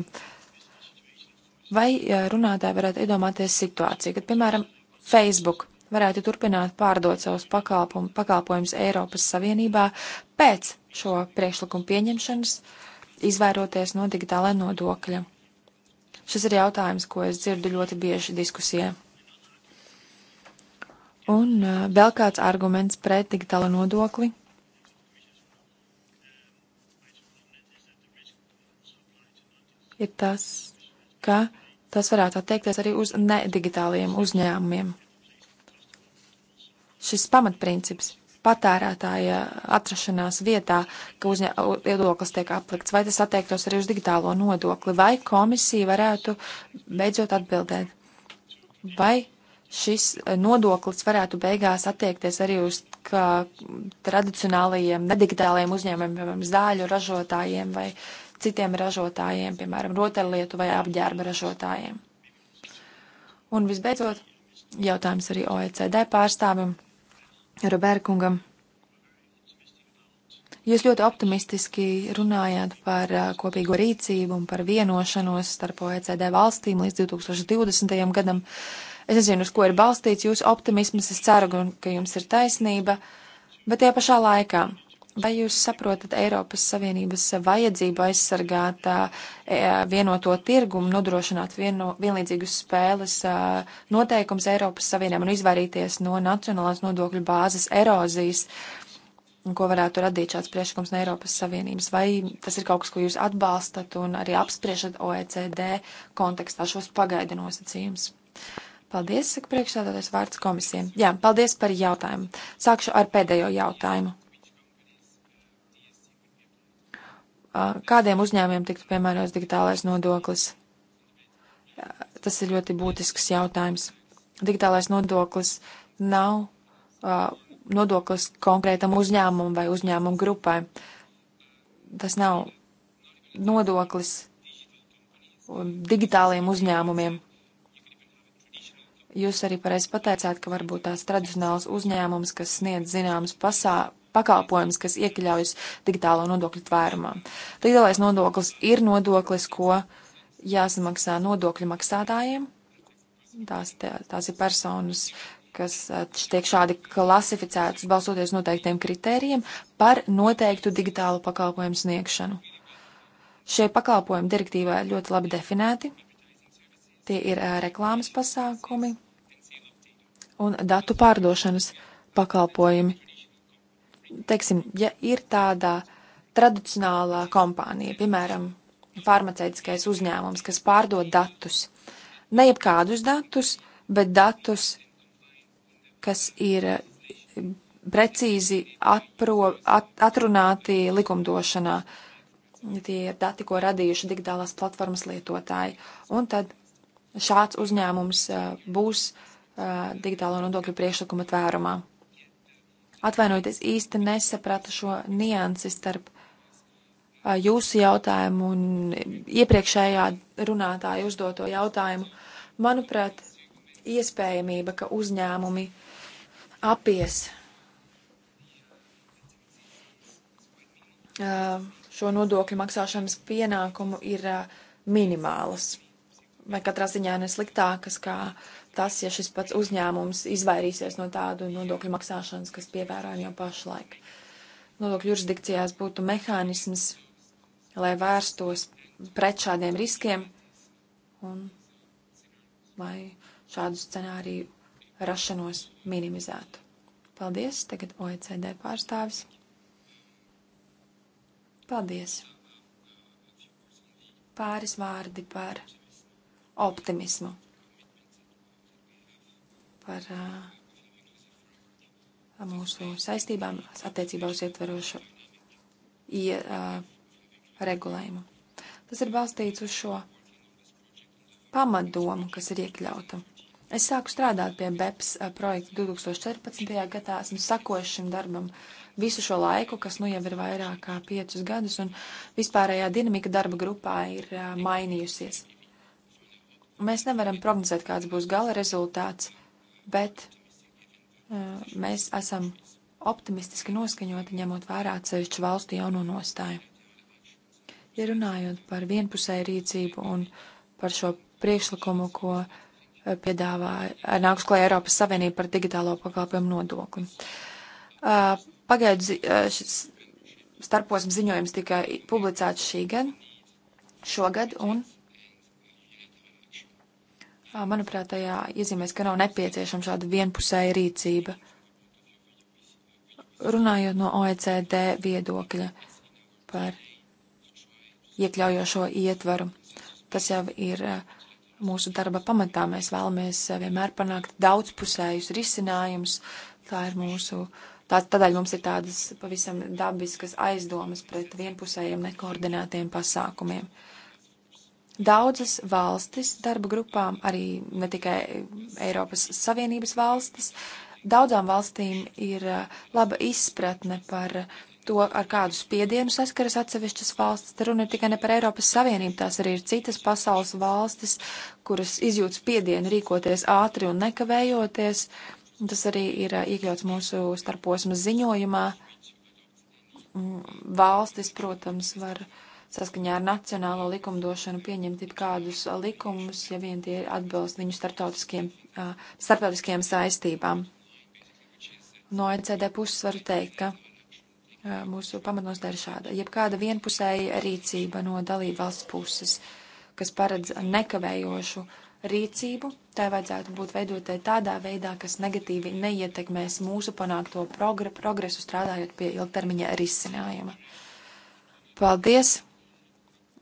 Vai runātāji varētu iedomāties situāciju, kad, piemēram, Facebook varētu turpināt pārdot savus pakalpojumus Eiropas Savienībā pēc šo priekšlikumu pieņemšanas, izvairoties no digitālajā nodokļa? Šis ir jautājums, ko es dzirdu ļoti bieži diskusijā. Un vēl kāds arguments pret digitālo nodokli ir tas, ka tas varētu attiekties arī uz nedigitāliem uzņēmumiem. Šis pamatprincips patērētāja atrašanās vietā, ka iedoklis tiek aplikts, vai tas attiektos arī uz digitālo nodokli, vai komisija varētu beidzot atbildēt, vai šis nodoklis varētu beigās attiekties arī uz tradicionālajiem, nedigitālajiem uzņēmumiem, piemēram, zāļu ražotājiem vai uh, citiem ražotājiem, piemēram, rotaļlietu vai apģērba ražotājiem. Un visbeidzot, jautājums arī OECD pārstāvim Roberkungam. Jūs ļoti optimistiski runājāt par uh, kopīgo rīcību un par vienošanos starp OECD valstīm līdz 2020. gadam. Es nezinu, uz ko ir balstīts jūsu optimisms, es ceru, ka jums ir taisnība, bet tajā pašā laikā Vai jūs saprotat Eiropas Savienības vajadzību aizsargāt e, vienoto tirgumu, nodrošināt vieno, vienlīdzīgus spēles noteikums Eiropas Savienībām un izvairīties no nacionālās nodokļu bāzes erozijas, ko varētu radīt šāds priekšlikums no Eiropas Savienības? Vai tas ir kaut kas, ko jūs atbalstat un arī apspriešat OECD kontekstā šos pagaida nosacījumus? Paldies, saka priekšstādātais vārds komisijai. Jā, paldies par jautājumu. Sākšu ar pēdējo jautājumu. kādiem uzņēmiem tiktu piemērots digitālais nodoklis. Tas ir ļoti būtisks jautājums. Digitālais nodoklis nav nodoklis konkrētam uzņēmumam vai uzņēmumu grupai. Tas nav nodoklis digitāliem uzņēmumiem. Jūs arī pareizi pateicāt, ka varbūt tās tradicionāls uzņēmums, kas sniedz zināmas pasā, pakalpojums, kas iekļaujas digitālo nodokļu tvērumā. Digitālais nodoklis ir nodoklis, ko jāsamaksā nodokļu maksātājiem. Tās, tās ir personas, kas tiek šādi klasificētas balsoties noteiktiem kritērijiem par noteiktu digitālu pakalpojumu sniegšanu. Šie pakalpojumi direktīvā ir ļoti labi definēti. Tie ir reklāmas pasākumi un datu pārdošanas pakalpojumi teiksim, ja ir tāda tradicionālā kompānija, piemēram, farmaceitiskais uzņēmums, kas pārdod datus, ne jebkādus datus, bet datus, kas ir eh, precīzi atpro, at, atrunāti likumdošanā. Tie ir dati, ko radījuši digitālās platformas lietotāji. Un tad šāds uzņēmums eh, būs eh, digitālo nodokļu priekšlikuma tvērumā. Atvainojieties, īsti nesapratu šo niansi starp jūsu jautājumu un iepriekšējā runātāja uzdoto jautājumu. Manuprāt, iespējamība, ka uzņēmumi apies šo nodokļu maksāšanas pienākumu, ir minimālas vai katrā ziņā nesliktākas kā tas, ja šis pats uzņēmums izvairīsies no tādu nodokļu maksāšanas, kas pievērojam jau pašlaik. Nodokļu jurisdikcijās būtu mehānisms, lai vērstos pret šādiem riskiem un lai šādu scenāriju rašanos minimizētu. Paldies, tagad OECD pārstāvis. Paldies. Pāris vārdi par optimismu par uh, mūsu saistībām attiecībā uz ietverošu ie, uh, regulējumu. Tas ir balstīts uz šo pamatdomu, kas ir iekļauta. Es sāku strādāt pie BEPS projekta 2014. gadā, esmu sakojuši šim darbam visu šo laiku, kas nu jau ir vairāk kā piecus gadus, un vispārējā dinamika darba grupā ir mainījusies. Mēs nevaram prognozēt, kāds būs gala rezultāts, bet uh, mēs esam optimistiski noskaņoti, ņemot vērā atsevišķu valstu jauno nostāju. Ja runājot par vienpusēju rīcību un par šo priekšlikumu, ko eh, piedāvāja eh, nāks klajā Eiropas Savienība par digitālo pakalpojumu nodokli. Uh, Pagaidu uh, šis starposms ziņojums tika publicēts šī gada, šogad, un Manuprāt, tajā iezīmēs, ka nav nepieciešama šāda vienpusēja rīcība. Runājot no OECD viedokļa par iekļaujošo ietvaru, tas jau ir mūsu darba pamatā. Mēs vēlamies vienmēr panākt daudzpusējus risinājumus. Tā ir mūsu, tā, tādēļ mums ir tādas pavisam dabiskas aizdomas pret vienpusējiem nekoordinētiem pasākumiem. Uh, Daudzas valstis darba grupām, arī ne tikai Eiropas Savienības valstis, daudzām valstīm ir eh, laba izpratne par to, ar kādu spiedienu saskaras atsevišķas valstis. Te runa ir tikai ne par Eiropas Savienību, tās arī ir citas pasaules valstis, kuras izjūt spiedienu rīkoties ātri un nekavējoties. Tas arī ir eh, iekļauts mūsu starposmas ziņojumā. Mm, valstis, protams, var uh, saskaņā ar nacionālo likumdošanu pieņemt kādus likumus, ja vien tie atbilst viņu starptautiskiem, starptautiskiem saistībām. No ECD puses varu teikt, ka mūsu pamatnostā ir šāda. Jebkāda vienpusēja rīcība no dalībvalsts puses, kas paredz nekavējošu rīcību, tai vajadzētu būt veidotai tādā veidā, kas negatīvi neietekmēs mūsu panākto progresu strādājot pie ilgtermiņa risinājuma. Paldies!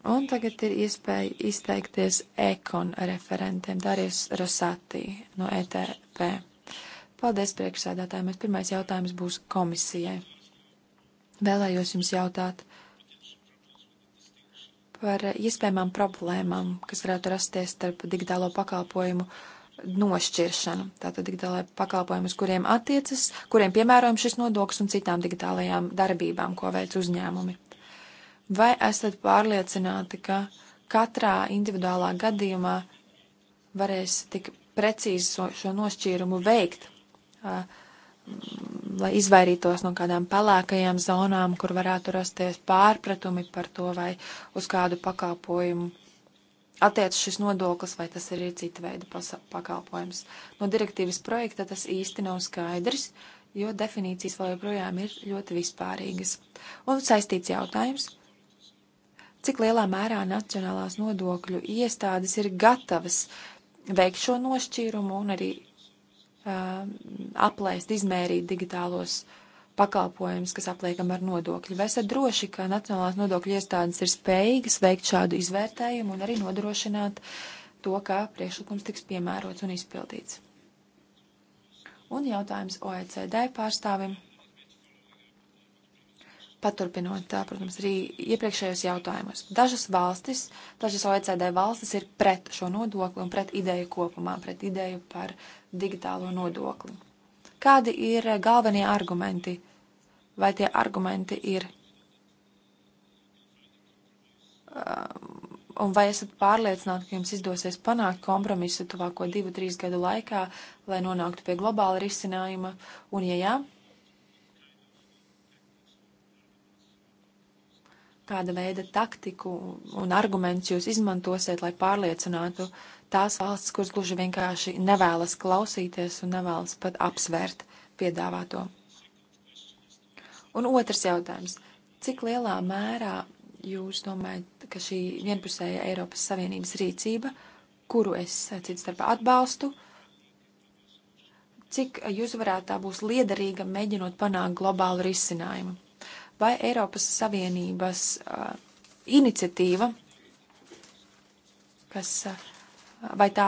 Un tagad ir iespēja izteikties ekon referentiem Darijas Rosati no ETP. Paldies priekšsēdētājiem. Mēs pirmais jautājums būs komisijai. Vēlējos jums jautāt par iespējamām problēmām, kas varētu rasties starp digitālo pakalpojumu nošķiršanu. Tātad digitālajiem pakalpojumiem, uz kuriem attiecas, kuriem piemērojam šis nodoklis un citām digitālajām darbībām, ko veic uzņēmumi. Vai esat pārliecināti, ka katrā individuālā gadījumā varēs tik precīzi šo, šo nošķīrumu veikt, a, lai izvairītos no kādām pelēkajām zonām, kur varētu rasties pārpratumi par to, vai uz kādu pakalpojumu attiec šis nodoklis, vai tas ir cita veida pakalpojums. No direktīvas projekta tas īsti nav skaidrs, jo definīcijas vēl joprojām ir ļoti vispārīgas. Un saistīts jautājums cik lielā mērā nacionālās nodokļu iestādes ir gatavas veikt šo nošķīrumu un arī uh, aplēst, izmērīt digitālos pakalpojumus, kas apliekam ar nodokļu. Vai esat droši, ka nacionālās nodokļu iestādes ir spējīgas veikt šādu izvērtējumu un arī nodrošināt to, kā priekšlikums tiks piemērots un izpildīts? Un jautājums OECD pārstāvim. Paturpinot, protams, arī iepriekšējos jautājumus. Dažas valstis, dažas OECD valstis ir pret šo nodokli un pret ideju kopumā, pret ideju par digitālo nodokli. Kādi ir galvenie argumenti? Vai tie argumenti ir? Un vai esat pārliecināti, ka jums izdosies panākt kompromisu tuvāko divu, trīs gadu laikā, lai nonāktu pie globāla risinājuma? Un, ja jā, kāda veida taktiku un argumentus jūs izmantosiet, lai pārliecinātu tās valsts, kuras gluži vienkārši nevēlas klausīties un nevēlas pat apsvērt piedāvāto. Un otrs jautājums. Cik lielā mērā jūs domājat, ka šī vienpusēja Eiropas Savienības rīcība, kuru es cits starpā atbalstu, cik jūs varētu tā būs liederīga mēģinot panākt globālu risinājumu? vai Eiropas Savienības uh, iniciatīva, kas uh, vai tā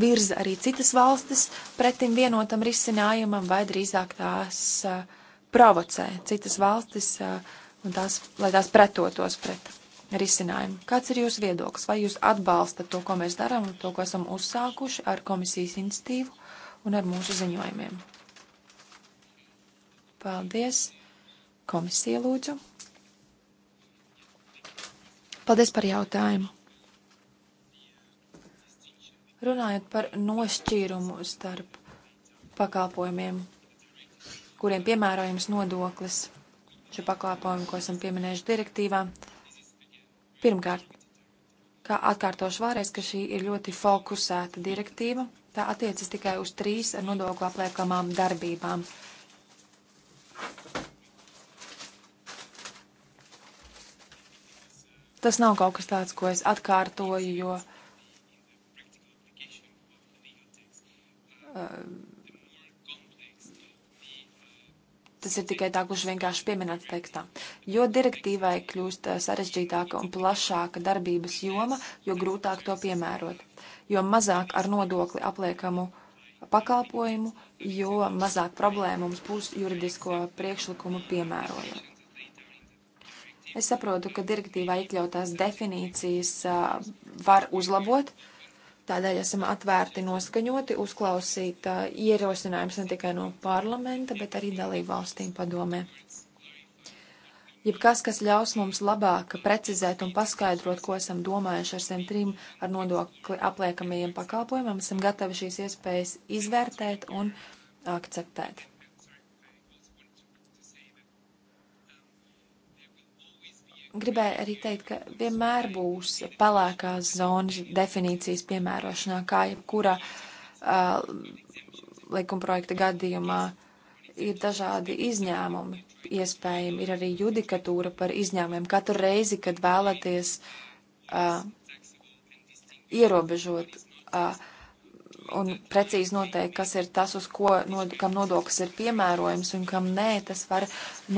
virza arī citas valstis pretim vienotam risinājumam, vai drīzāk tās uh, provocē citas valstis, uh, un tās, lai tās pretotos pret risinājumu. Kāds ir jūsu viedoklis? Vai jūs atbalstat to, ko mēs darām, to, ko esam uzsākuši ar komisijas institīvu un ar mūsu ziņojumiem? Paldies! Komisija lūdzu. Paldies par jautājumu. Runājot par nošķīrumu starp pakalpojumiem, kuriem piemērojams nodoklis, šo pakalpojumu, ko esam pieminējuši direktīvā, pirmkārt, kā atkārtošu vēlreiz, ka šī ir ļoti fokusēta direktīva, tā attiecas tikai uz trīs ar nodoklu apliekamām darbībām. Tas nav kaut kas tāds, ko es atkārtoju, jo. Uh, tas ir tikai tā, kurš vienkārši pieminēts tekstā. Jo direktīvai kļūst uh, sarežģītāka un plašāka darbības joma, jo grūtāk to piemērot. Jo mazāk ar nodokli apliekamu pakalpojumu, jo mazāk problēmu mums būs juridisko priekšlikumu piemērojot. Es saprotu, ka direktīvā iekļautās definīcijas var uzlabot, tādēļ esam atvērti noskaņoti uzklausīt ierosinājumus ne tikai no parlamenta, bet arī dalību valstīm padomē. Jebkas, kas ļaus mums labāk precizēt un paskaidrot, ko esam domājuši ar šiem trim ar nodokli apliekamajiem pakalpojumiem, esam gatavi šīs iespējas izvērtēt un akceptēt. gribēju arī teikt, ka vienmēr būs pelēkās zonas definīcijas piemērošanā, kā jebkura uh, likumprojekta gadījumā ir dažādi izņēmumi iespējami. Ir arī judikatūra par izņēmumiem katru reizi, kad vēlaties uh, ierobežot. Uh, un precīzi noteikt, kas ir tas, uz ko, nod, kam nodoklis ir piemērojams un kam nē, tas var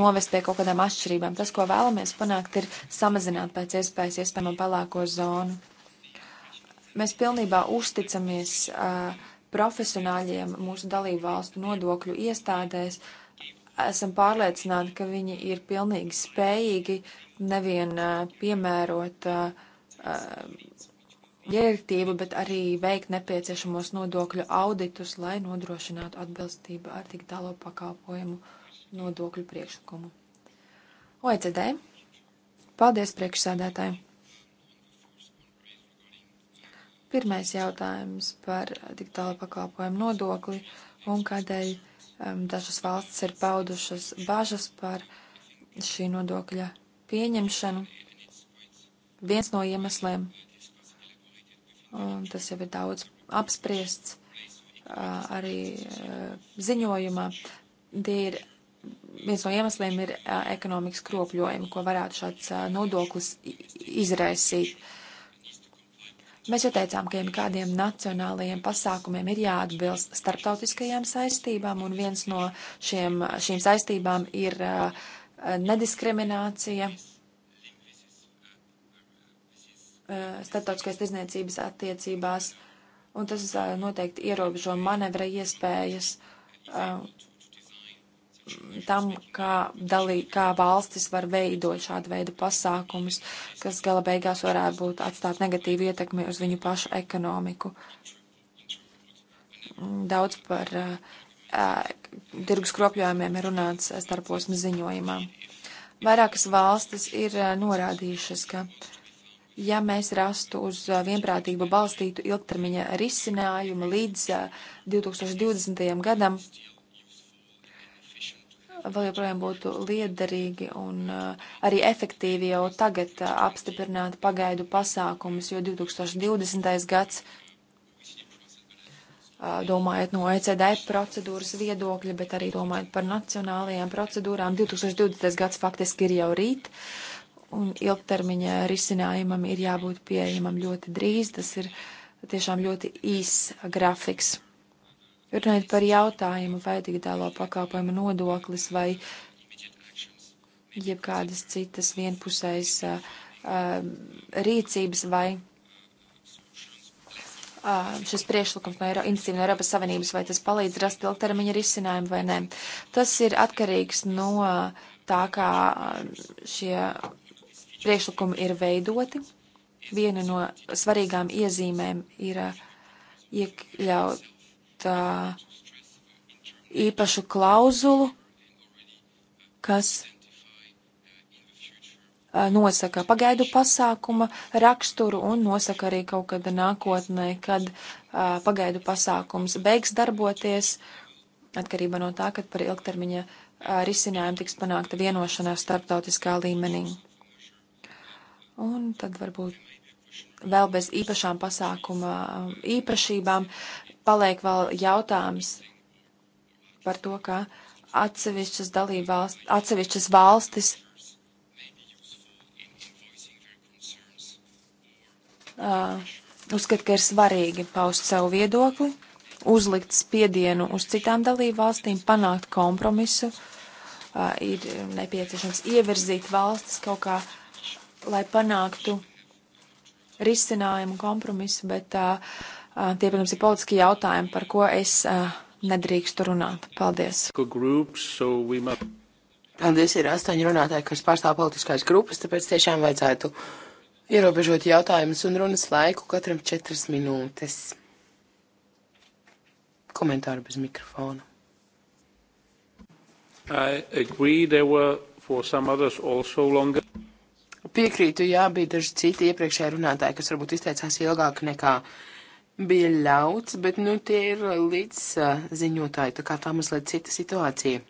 novest pie kaut kādām atšķirībām. Tas, ko vēlamies panākt, ir samazināt pēc iespējas iespējamo pelēko zonu. Mēs pilnībā uzticamies uh, profesionāļiem mūsu dalību valstu nodokļu iestādēs. Esam pārliecināti, ka viņi ir pilnīgi spējīgi nevien uh, piemērot uh, uh, direktīvu, bet arī veikt nepieciešamos nodokļu auditus, lai nodrošinātu atbilstību ar digitālo pakalpojumu nodokļu priekšlikumu. OECD. Paldies priekšsādātājiem! Pirmais jautājums par digitālo pakalpojumu nodokli un kādēļ um, dažas valstis ir paudušas bažas par šī nodokļa pieņemšanu. Viens no iemesliem un tas jau ir daudz apspriests arī ziņojumā. Tie ir viens no iemesliem ir ekonomikas kropļojumi, ko varētu šāds nodoklis izraisīt. Mēs jau teicām, ka jebkādiem nacionālajiem pasākumiem ir jāatbilst starptautiskajām saistībām, un viens no šiem, šīm saistībām ir uh, nediskriminācija, Eh, starptautiskās tirzniecības attiecībās, un tas eh, noteikti ierobežo manevra iespējas eh, tam, kā, dalī, kā valstis var veidot šādu veidu pasākumus, kas gala beigās varētu būt atstāt negatīvu ietekmi uz viņu pašu ekonomiku. Daudz par tirgus kropļojumiem ir runāts starposmu ziņojumā. Vairākas valstis ir norādījušas, ka uh, ja mēs rastu uz vienprātību balstītu ilgtermiņa risinājumu līdz 2020. gadam, vēl joprojām būtu liederīgi un arī efektīvi jau tagad apstiprināt pagaidu pasākumus, jo 2020. gads, domājot no ECD procedūras viedokļa, bet arī domājot par nacionālajām procedūrām, 2020. gads faktiski ir jau rīt. Uh, un ilgtermiņa risinājumam ir jābūt pieejamam ļoti drīz. Tas ir tiešām ļoti īss grafiks. Runājot par jautājumu, vai digitālo pakalpojumu nodoklis vai jebkādas citas vienpusējas rīcības vai šis priekšlikums no iniciatīvas no Eiropas Savienības, vai tas palīdz rast ilgtermiņa risinājumu vai nē. Tas ir atkarīgs no tā, kā šie priekšlikumi ir veidoti. Viena no svarīgām iezīmēm ir uh, iekļaut uh, īpašu klauzulu, kas uh, nosaka pagaidu pasākuma raksturu un nosaka arī kaut kad nākotnē, kad a, pagaidu pasākums beigs darboties, atkarībā no tā, kad par ilgtermiņa a, risinājumu tiks panākta vienošanās starptautiskā līmenī. Un tad varbūt vēl bez īpašām pasākuma um, īpašībām paliek vēl jautājums par to, ka atsevišķas dalībvalstis, atsevišķas valstis uh, uzskata, ka ir svarīgi paust savu viedokli, uzlikt spiedienu uz citām dalībvalstīm, panākt kompromisu. Uh, ir nepieciešams ievirzīt valstis kaut kā uh, lai panāktu risinājumu kompromisu, bet uh, tie, protams, ir politiski jautājumi, par ko es uh, nedrīkstu runāt. Paldies. Paldies, ir astoņi runātāji, kas pārstāv politiskās grupas, tāpēc tiešām vajadzētu ierobežot jautājumus un runas laiku katram četras minūtes. Komentāru bez mikrofona. I agree there were for some others also longer. Piekrītu, jā, bija daži citi iepriekšēji runātāji, kas varbūt izteicās ilgāk nekā bija ļauts, bet nu tie ir līdzziņotāji, tā kā tā mazliet cita situācija.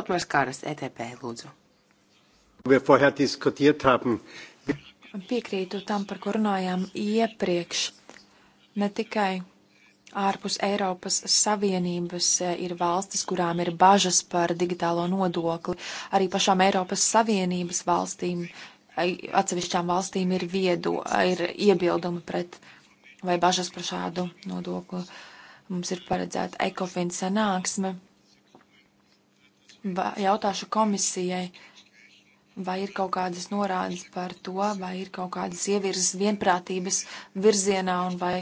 Otmars Kāras, ETP, lūdzu. Piekrītu tam, par ko runājām iepriekš. Ne tikai Ārpus Eiropas Savienības eh, ir valstis, kurām ir bažas par digitālo nodokli. Arī pašām Eiropas Savienības valstīm, atsevišķām valstīm ir viedu, ir iebildumi pret vai bažas par šādu nodokli. Mums ir paredzēta ekofina sanāksme. Jautāšu komisijai, vai ir kaut kādas norādes par to, vai ir kaut kādas ievirzes vienprātības virzienā un vai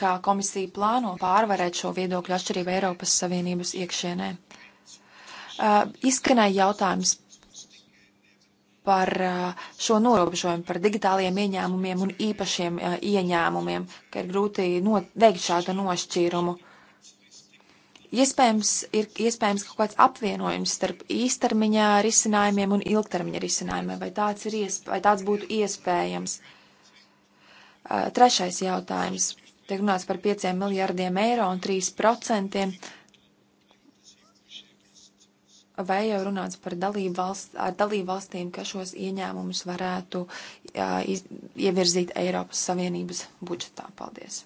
kā komisija plāno pārvarēt šo viedokļu atšķirību Eiropas Savienības iekšienē. Uh, izskanēja jautājums par uh, šo norobežojumu, par digitāliem ieņēmumiem un īpašiem uh, ieņēmumiem, ka ir grūti veikt šādu nošķīrumu. Iespējams, ir iespējams kaut kāds apvienojums starp īstermiņā risinājumiem un ilgtermiņa risinājumiem, vai tāds, ir iesp vai tāds būtu iespējams. Uh, trešais jautājums Tiek runāts par 5 miljārdiem eiro un 3%. Vai jau runāts par dalību, valst, ar dalību valstīm, ka šos ieņēmumus varētu jā, iz, ievirzīt Eiropas Savienības budžetā? Paldies.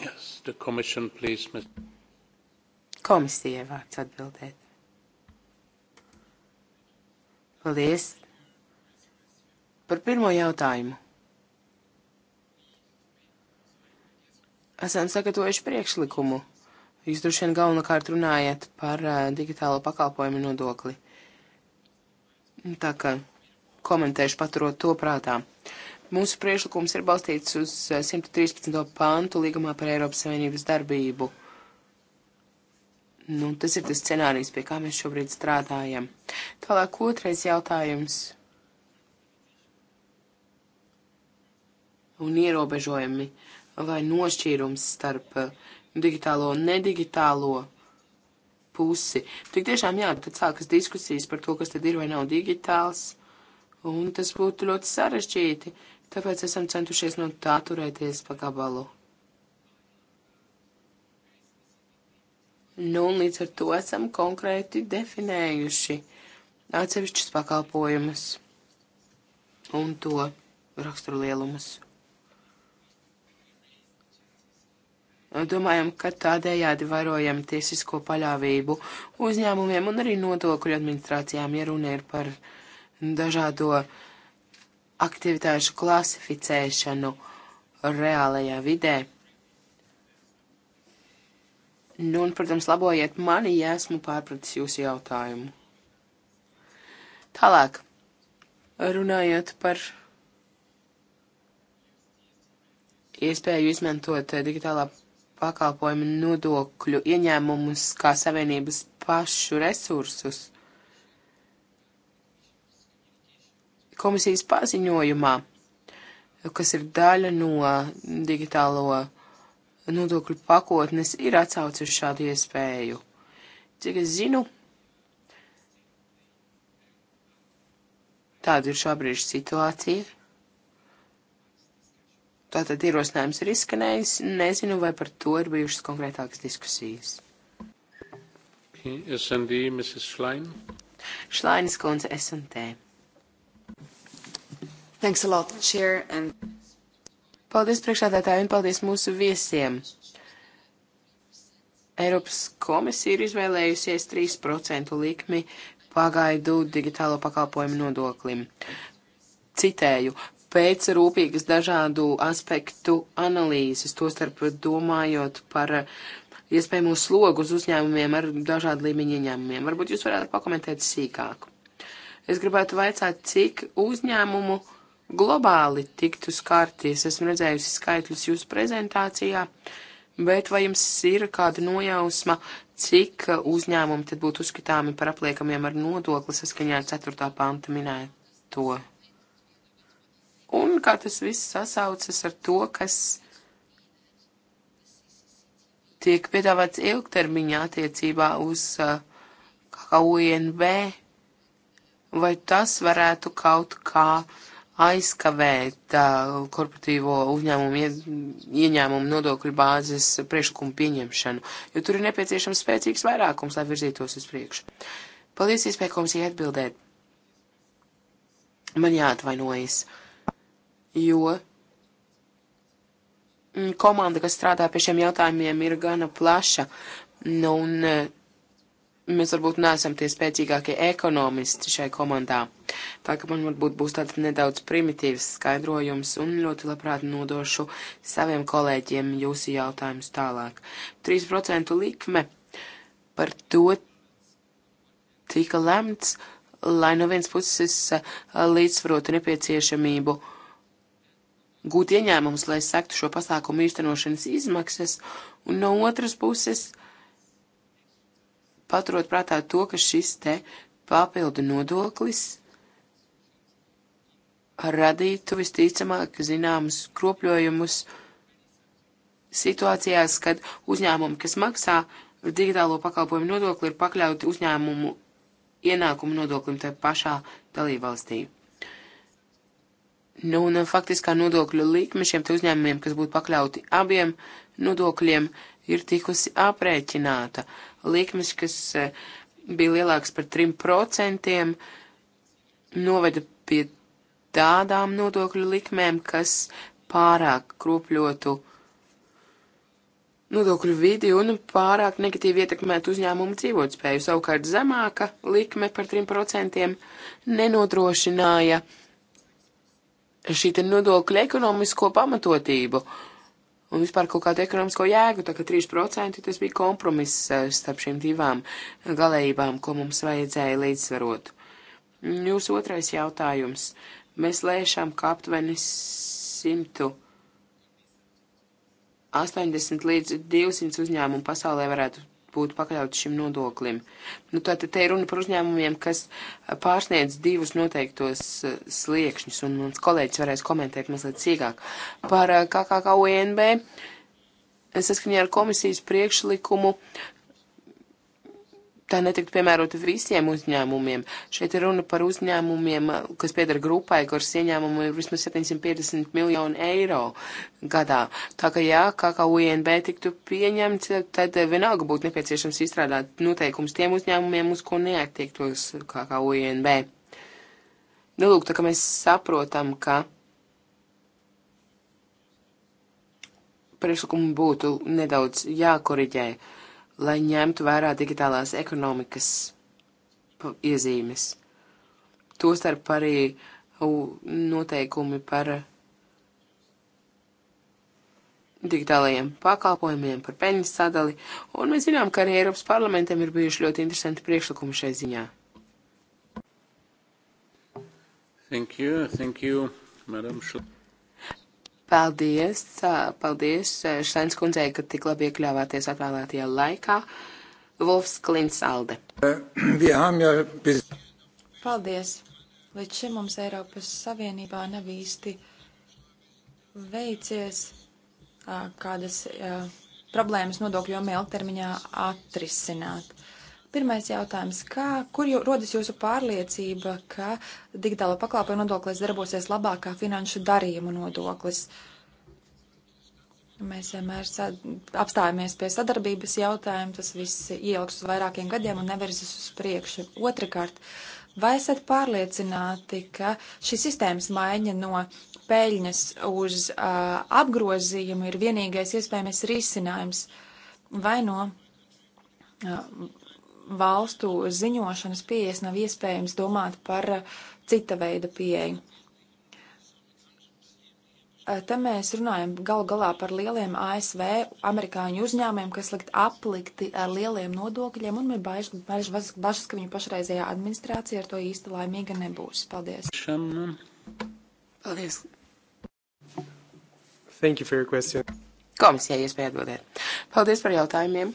Yes, please, Komisija vārds atbildēt. Paldies par pirmo jautājumu. esam sagatavojuši priekšlikumu. Jūs droši vien galvenokārt runājat par uh, digitālo pakalpojumu nodokli. Tā kā komentēšu paturot to prātā. Mūsu priešlikums ir balstīts uz 113. Eh, pantu līgumā par Eiropas Savienības darbību. Nu, tas ir tas scenārijs, pie kā mēs šobrīd strādājam. Tālāk otrais jautājums. Un ierobežojumi. Uh, vai nošķīrums starp eh, digitālo un nedigitālo pusi. Tik tiešām, jā, tad sākas diskusijas par to, kas tad ir vai nav digitāls, un tas būtu ļoti sarežģīti, tāpēc esam centušies no tā turēties pa gabalu. Nu, un līdz ar to esam konkrēti definējuši atsevišķus pakalpojumus un to raksturu lielumus. Domājam, ka tādējādi varojam tiesisko paļāvību uzņēmumiem un arī nodokļu administrācijām, ja runa ir par dažādo aktivitāšu klasificēšanu reālajā vidē. Nu, un, protams, labojiet mani, ja esmu pārpratis jūsu jautājumu. Tālāk, runājot par iespēju izmantot digitālā pakalpojumu nodokļu ieņēmumus kā savienības pašu resursus. Komisijas paziņojumā, kas ir daļa no digitālo nodokļu pakotnes, ir atsauce uz šādu iespēju. Cik es zinu, tāda ir šobrīd situācija. Tātad ierosinājums ir izskanējis. Nezinu, vai par to ir bijušas konkrētākas diskusijas. SND, Mrs. Schlein. Šlainis kundze, SNT. Thanks a lot, Chair. And... Paldies priekšādātāji un paldies mūsu viesiem. Eiropas komisija ir izvēlējusies 3% likmi pagaidu digitālo pakalpojumu nodoklim citēju, pēc rūpīgas dažādu aspektu analīzes, tostarp domājot par iespējamo slogu uz uzņēmumiem ar dažādu līmeņu ieņēmumiem. Varbūt jūs varētu pakomentēt sīkāk. Es gribētu vaicāt, cik uzņēmumu globāli tiktu skarties. Esmu redzējusi skaitļus jūsu prezentācijā, bet vai jums ir kāda nojausma, cik uzņēmumi tad būtu uzskatāmi par apliekamiem ar nodokli saskaņā ar 4. panta minēto? un kā tas viss sasaucas ar to, kas tiek piedāvāts ilgtermiņā attiecībā uz uh, KUNB, vai tas varētu kaut kā aizkavēt uh, korporatīvo uzņēmumu ie, ieņēmumu nodokļu bāzes priekšlikumu pieņemšanu, jo tur ir nepieciešams spēcīgs vairākums, lai virzītos uz priekšu. Paldies iespēju komisijai atbildēt. Man jāatvainojas. Uh, jo mm, komanda, kas strādā pie šiem jautājumiem, ir gana plaša. Nu, un eh, mēs varbūt neesam tie spēcīgākie ekonomisti šai komandā. Tā ka man varbūt būs tāds nedaudz primitīvs skaidrojums un ļoti labprāt nodošu saviem kolēģiem jūsu jautājumus tālāk. 3% likme par to tika lemts, lai no vienas puses eh, līdzsvarotu nepieciešamību uh, gūt ieņēmumus, lai sektu šo pasākumu īstenošanas izmaksas, un no otras puses paturot prātā to, ka šis te papildu nodoklis radītu visticamāk zināmus kropļojumus situācijās, kad uzņēmumi, kas maksā digitālo pakalpojumu nodokli, ir pakļauti uzņēmumu ienākumu nodoklim tajā pašā dalībvalstī. Nu, un eh, faktiskā nodokļu likme šiem te uzņēmumiem, kas būtu pakļauti abiem nodokļiem, ir tikusi aprēķināta. Likmes, kas eh, bija lielāks par 3%, noveda pie tādām nodokļu likmēm, kas pārāk kropļotu nodokļu vidi un pārāk negatīvi ietekmētu uzņēmumu dzīvotspēju. Savukārt zemāka likme par 3% nenodrošināja uh, šī te nodokļa ekonomisko pamatotību un vispār kaut kādu ekonomisko jēgu, tā ka 3% tas bija kompromiss eh, starp šīm divām galējībām, ko mums vajadzēja līdzsvarot. Jūsu otrais jautājums. Mēs lēšām, ka aptuveni 180 līdz 200 uzņēmumu pasaulē varētu būtu pakļauti šim nodoklim. Nu, tātad te ir runa par uzņēmumiem, kas eh, pārsniedz divus noteiktos eh, sliekšņus, un mans kolēģis varēs komentēt mazliet sīkāk. Par eh, KKK UNB saskaņā ar komisijas priekšlikumu tā netiktu piemērota visiem uzņēmumiem. Šeit ir runa par uzņēmumiem, kas piedara grupai, kuras ieņēmumi ir vismaz 750 miljoni eiro gadā. Tā ka, jā, kā kā UNB tiktu pieņemts, tad vienalga būtu nepieciešams izstrādāt noteikums tiem uzņēmumiem, uz ko neattiektos kā kā UNB. Nu, lūk, tā kā mēs saprotam, ka priekšlikumi būtu nedaudz jākoriģē. Uh, lai ņemtu vērā digitālās ekonomikas iezīmes. Tostarp arī noteikumi par digitālajiem pakalpojumiem, par peļņas sadali, un mēs zinām, ka arī Eiropas parlamentam ir bijuši ļoti interesanti priekšlikumi šai ziņā. Thank you, thank you, Madam Schultz. Paldies, paldies Šlēns kundzei, ka tik labi iekļāvāties atvēlētajā laikā. Wolfs Klints Alde. Paldies. Līdz šim mums Eiropas Savienībā nav īsti veicies kādas problēmas nodokļu jomē ilgtermiņā atrisināt. Pirmais jautājums. Kā, kur jū, rodas jūsu pārliecība, ka digitāla pakalpojuma nodoklis darbosies labāk kā finanšu darījumu nodoklis? Mēs vienmēr apstājamies pie sadarbības jautājuma, tas viss ieliks uz vairākiem gadiem un nevirzas uz priekšu. Otrakārt, vai esat pārliecināti, ka šī sistēmas maiņa no peļņas uz uh, apgrozījumu ir vienīgais iespējamais risinājums vai no uh, valstu ziņošanas pieejas nav iespējams domāt par eh, cita veida pieeju. Eh, te mēs runājam gal galā par lieliem ASV amerikāņu uzņēmumiem, kas likt aplikti ar lieliem nodokļiem, un ir bažas, bažas, bažas, ka viņu pašreizējā administrācija ar to īsti laimīga nebūs. Paldies. Paldies. Thank you for your question. Komisijai iespēja atbildēt. Paldies par jautājumiem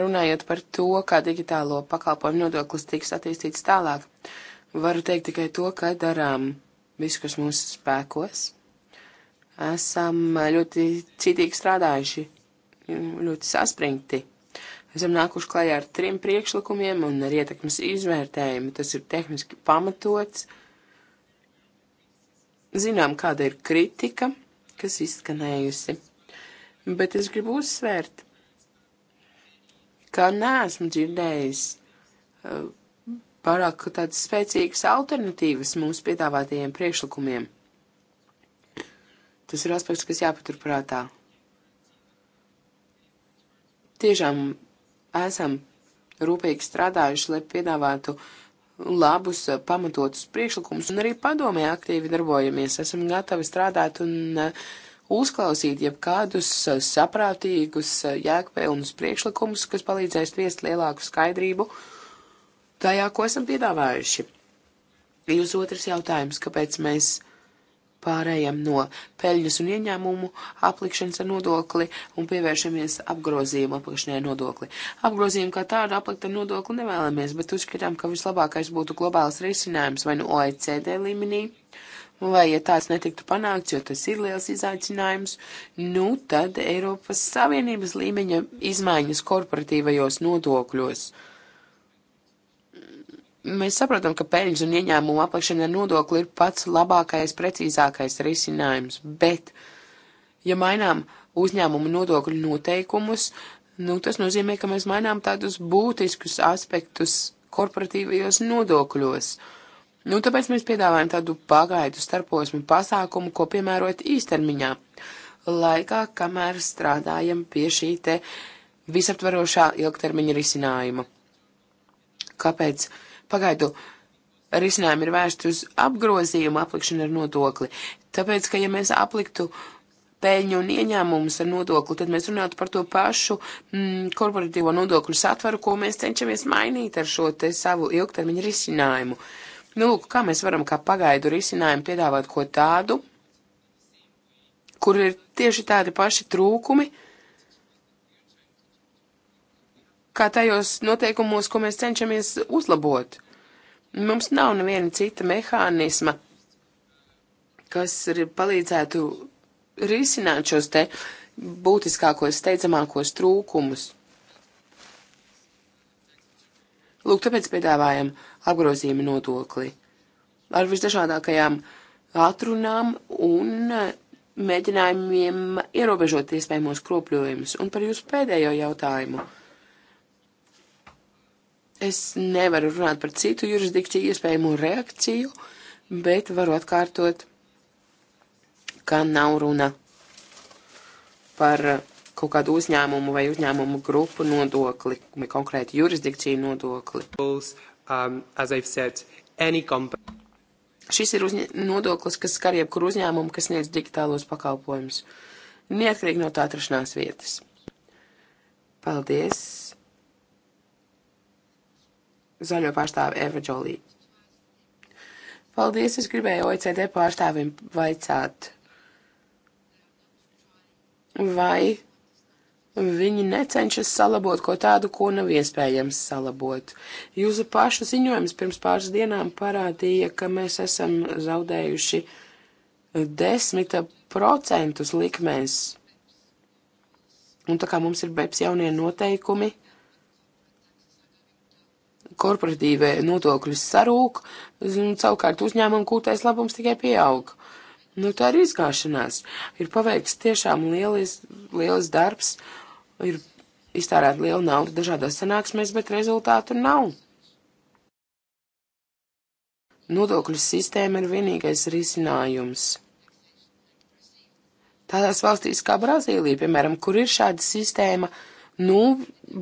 runājot par to, kā digitālo pakalpojumu nodoklis tiks attīstīts tālāk, varu teikt tikai to, ka darām visu, kas mūsu spēkos. Esam ļoti citīgi strādājuši, ļoti saspringti. Esam nākuši klajā ar trim priekšlikumiem un ar ietekmes izvērtējumu. Tas ir tehniski pamatots. Zinām, kāda ir kritika, kas izskanējusi. Bet es gribu uzsvērt, ka neesmu dzirdējis uh, pārāk tādas spēcīgas alternatīvas mums piedāvātajiem priekšlikumiem. Tas ir aspekts, kas jāpaturprātā. Tiešām esam rūpīgi strādājuši, lai piedāvātu labus, uh, pamatotus priekšlikumus, un arī padomē aktīvi darbojamies. Esam gatavi strādāt un uh, uzklausīt jebkādus eh, saprātīgus eh, jēgpilnus priekšlikumus, kas palīdzēs viest lielāku skaidrību tajā, ko esam piedāvājuši. Jūsu otrs jautājums, kāpēc mēs pārējām no peļņas un ieņēmumu aplikšanas ar nodokli un pievēršamies apgrozījuma aplikšanai nodokli. Apgrozījumu kā tādu aplikt ar nodokli nevēlamies, bet uzskatām, ka vislabākais būtu globāls risinājums vai nu no OECD līmenī Vai, ja tās netiktu panākts, jo tas ir liels izaicinājums, nu tad Eiropas Savienības līmeņa izmaiņas korporatīvajos nodokļos. Mēs saprotam, ka peļņas un ieņēmumu aplikšana ar nodokli ir pats labākais, precīzākais risinājums, bet, ja mainām uzņēmumu nodokļu noteikumus, nu, tas nozīmē, ka mēs mainām tādus būtiskus aspektus korporatīvajos nodokļos. Uh, Nu, tāpēc mēs piedāvājam tādu pagaidu starposmu pasākumu, ko piemērot īstermiņā, laikā, kamēr strādājam pie šī te visaptvarošā ilgtermiņa risinājuma. Kāpēc pagaidu risinājumi ir vērsti uz apgrozījumu aplikšanu ar nodokli? Tāpēc, ka ja mēs apliktu peļņu un ieņēmumus ar nodokli, tad mēs runātu par to pašu mm, korporatīvo nodokļu satvaru, ko mēs cenšamies mainīt ar šo te savu ilgtermiņa risinājumu. Uh, Nu, kā mēs varam kā pagaidu risinājumu piedāvāt ko tādu, kur ir tieši tādi paši trūkumi, kā tajos noteikumos, ko mēs cenšamies uzlabot. Mums nav neviena cita mehānisma, kas palīdzētu risināt šos te būtiskākos, steidzamākos trūkumus. Lūk, tāpēc piedāvājam uh, apgrozījuma nodokli ar visdažādākajām atrunām un eh, mēģinājumiem ierobežot iespējamos kropļojumus. Un par jūsu pēdējo jautājumu. Es nevaru runāt par citu jurisdikciju iespējamo reakciju, bet varu atkārtot, ka nav runa par eh, kaut kādu uzņēmumu vai uzņēmumu grupu nodokli, vai konkrēti jurisdikciju nodokli. Puls um, as I've said, any company. Šis ir uzņē, nodoklis, kas skar jebkuru uzņēmumu, kas sniedz digitālos pakalpojumus, neatkarīgi no tā atrašanās vietas. Paldies! Zaļo pārstāvi Eva Džolī. Paldies, es gribēju OECD pārstāvim vaicāt, vai Viņi necenšas salabot ko tādu, ko nav iespējams salabot. Jūsu pašu ziņojums pirms pāris dienām parādīja, ka mēs esam zaudējuši desmita procentus likmēs. Un tā kā mums ir BEPS jaunie noteikumi, korporatīvie nodokļi sarūk, un savukārt uzņēmumu kūtais labums tikai pieaug. Nu, tā ir izgāšanās. Ir paveikts tiešām lielis, lielis darbs, uh, ir iztērēta liela nauda dažādās sanāksmēs, bet rezultātu nav. Nodokļu sistēma ir vienīgais risinājums. Tādās valstīs kā Brazīlija, piemēram, kur ir šāda sistēma, nu,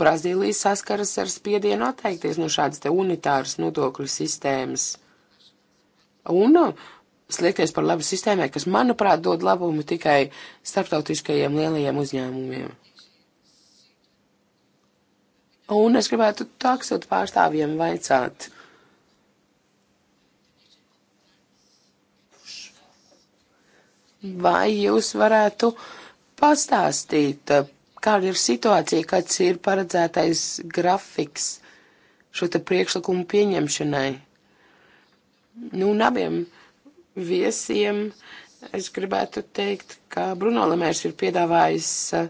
Brazīlija saskaras ar spiedienu atteikties no šādas te unitāras nodokļu sistēmas. Un sliekties par labu sistēmai, kas, manuprāt, dod labumu tikai starptautiskajiem lielajiem uzņēmumiem. Un es gribētu taksot pārstāvjiem vaicāt. Vai jūs varētu pastāstīt, kāda ir situācija, kāds ir paredzētais grafiks šo te priekšlikumu pieņemšanai? Nu, un abiem viesiem es gribētu teikt, ka Bruno Lemērs ir piedāvājis eh,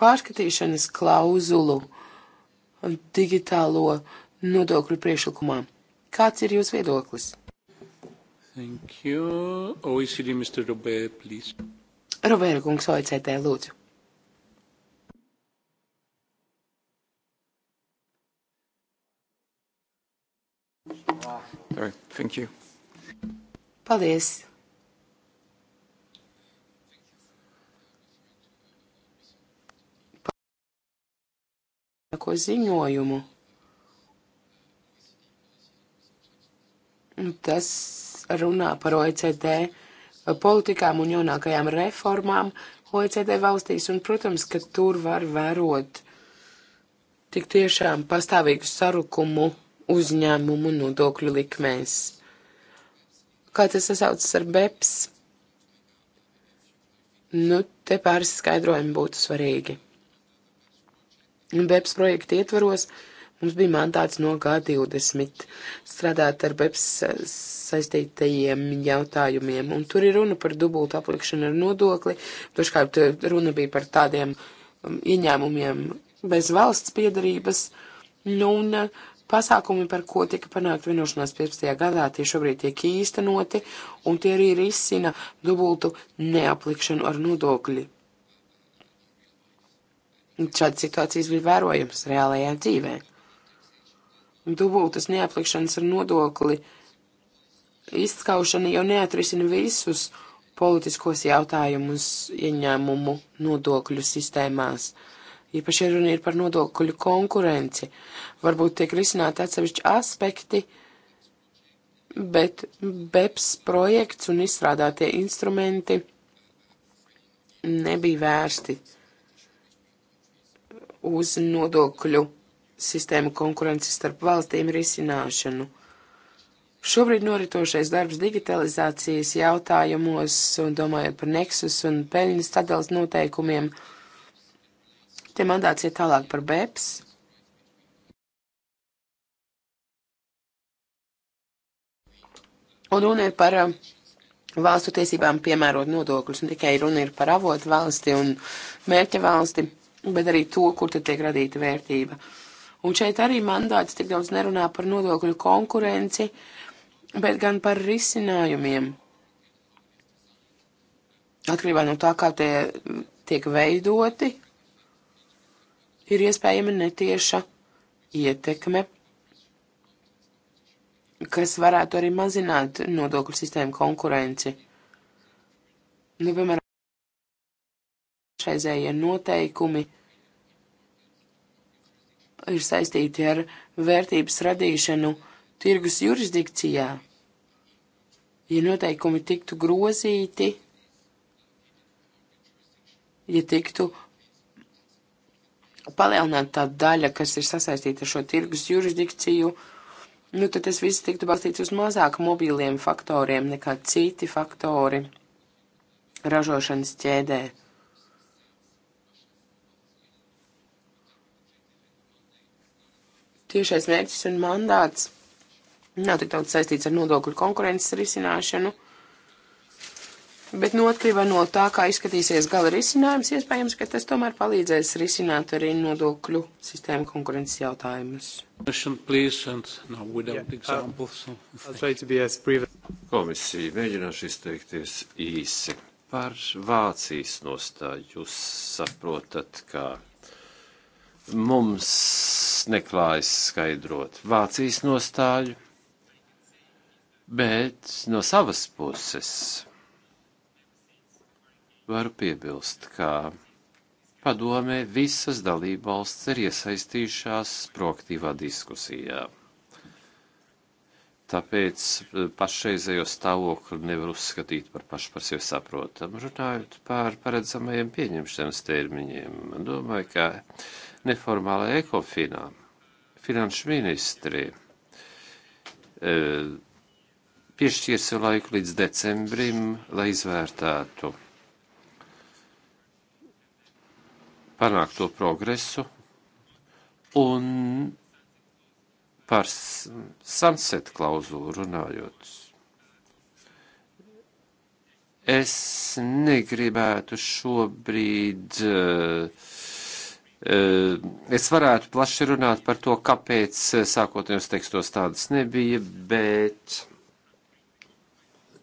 pārskatīšanas klauzulu digitālo nodokļu priešlikumā. Kāds ir jūsu viedoklis? Thank you. OECD, Mr. Robert, please. Roberta kungs, OECD, lūdzu. Sorry, thank you. Paldies. Ko ziņojumu? Nu, tas runā par OECD politikām un jaunākajām reformām OECD valstīs, un, protams, ka tur var vērot tik tiešām pastāvīgu sarukumu uzņēmumu nodokļu likmēs. Kā tas sasaucas ar BEPS? Nu, te pāris skaidrojumi būtu svarīgi. Un BEPS projekta ietvaros mums bija mandāts no G20 strādāt ar BEPS saistītajiem jautājumiem. Un tur ir runa par dubultu aplikšanu ar nodokli. Dažkārt eh, runa bija par tādiem um, ieņēmumiem bez valsts piedarības. Nu, un eh, pasākumi, par ko tika panākt vienošanās 15. gadā, tie šobrīd tiek īstenoti, un tie arī risina dubultu neaplikšanu ar nodokļu Šādas situācijas bija vērojamas reālajā dzīvē. Dubultas neaplikšanas ar nodokli izskaušana jau neatrisina visus politiskos jautājumus ieņēmumu nodokļu sistēmās. Īpaši ja runa ir par nodokļu konkurenci. Varbūt tiek risināti atsevišķi aspekti, bet BEPS projekts un izstrādātie instrumenti nebija vērsti uz nodokļu sistēmu konkurences starp valstīm risināšanu. Šobrīd noritošais darbs digitalizācijas jautājumos, un domājot par Nexus un peļņas sadalas noteikumiem, te mandāts ir tālāk par BEPS. Un runa ir par uh, valstu tiesībām piemērot nodokļus, un tikai runa ir par avotu valsti un mērķa valsti bet arī to, kur tad tiek radīta vērtība. Un šeit arī mandāts tik daudz nerunā par nodokļu konkurenci, bet gan par risinājumiem. Atkarībā no tā, kā tie tiek veidoti, ir iespējama netieša ietekme, kas varētu arī mazināt nodokļu sistēmu konkurenci. Nu, piemēram, šreizējie noteikumi ir saistīti ar vērtības radīšanu tirgus jurisdikcijā. Ja noteikumi tiktu grozīti, ja tiktu palielināta tā daļa, kas ir sasaistīta ar šo tirgus jurisdikciju, nu tad tas viss tiktu balstīts uz mazāk mobīliem faktoriem nekā citi faktori ražošanas ķēdē. tiešais mērķis un mandāts nav tik daudz saistīts ar nodokļu konkurences risināšanu, bet notkrīva nu, no tā, kā izskatīsies gala risinājums, iespējams, ka tas tomēr palīdzēs risināt arī nodokļu sistēmu konkurences jautājumus. Uh, Komisija mēģināšu izteikties īsi par Vācijas nostāju. Jūs saprotat, kā. Ka mums neklājas skaidrot Vācijas nostāju, bet no savas puses varu piebilst, ka padomē visas dalībvalsts ir iesaistījušās proaktīvā diskusijā. Tāpēc eh, pašreizējo stāvokli nevar uzskatīt par pašu par sevi saprotamu. Runājot par paredzamajiem pieņemšanas termiņiem, domāju, ka neformālā ekofinā. Finanšu ministri e, piešķīra sev laiku līdz decembrim, lai izvērtētu panākto progresu un par sunset klauzulu runājot. Es negribētu šobrīd uh, Eh, es varētu plaši runāt par to, kāpēc eh, sākotnējos tekstos tādas nebija, bet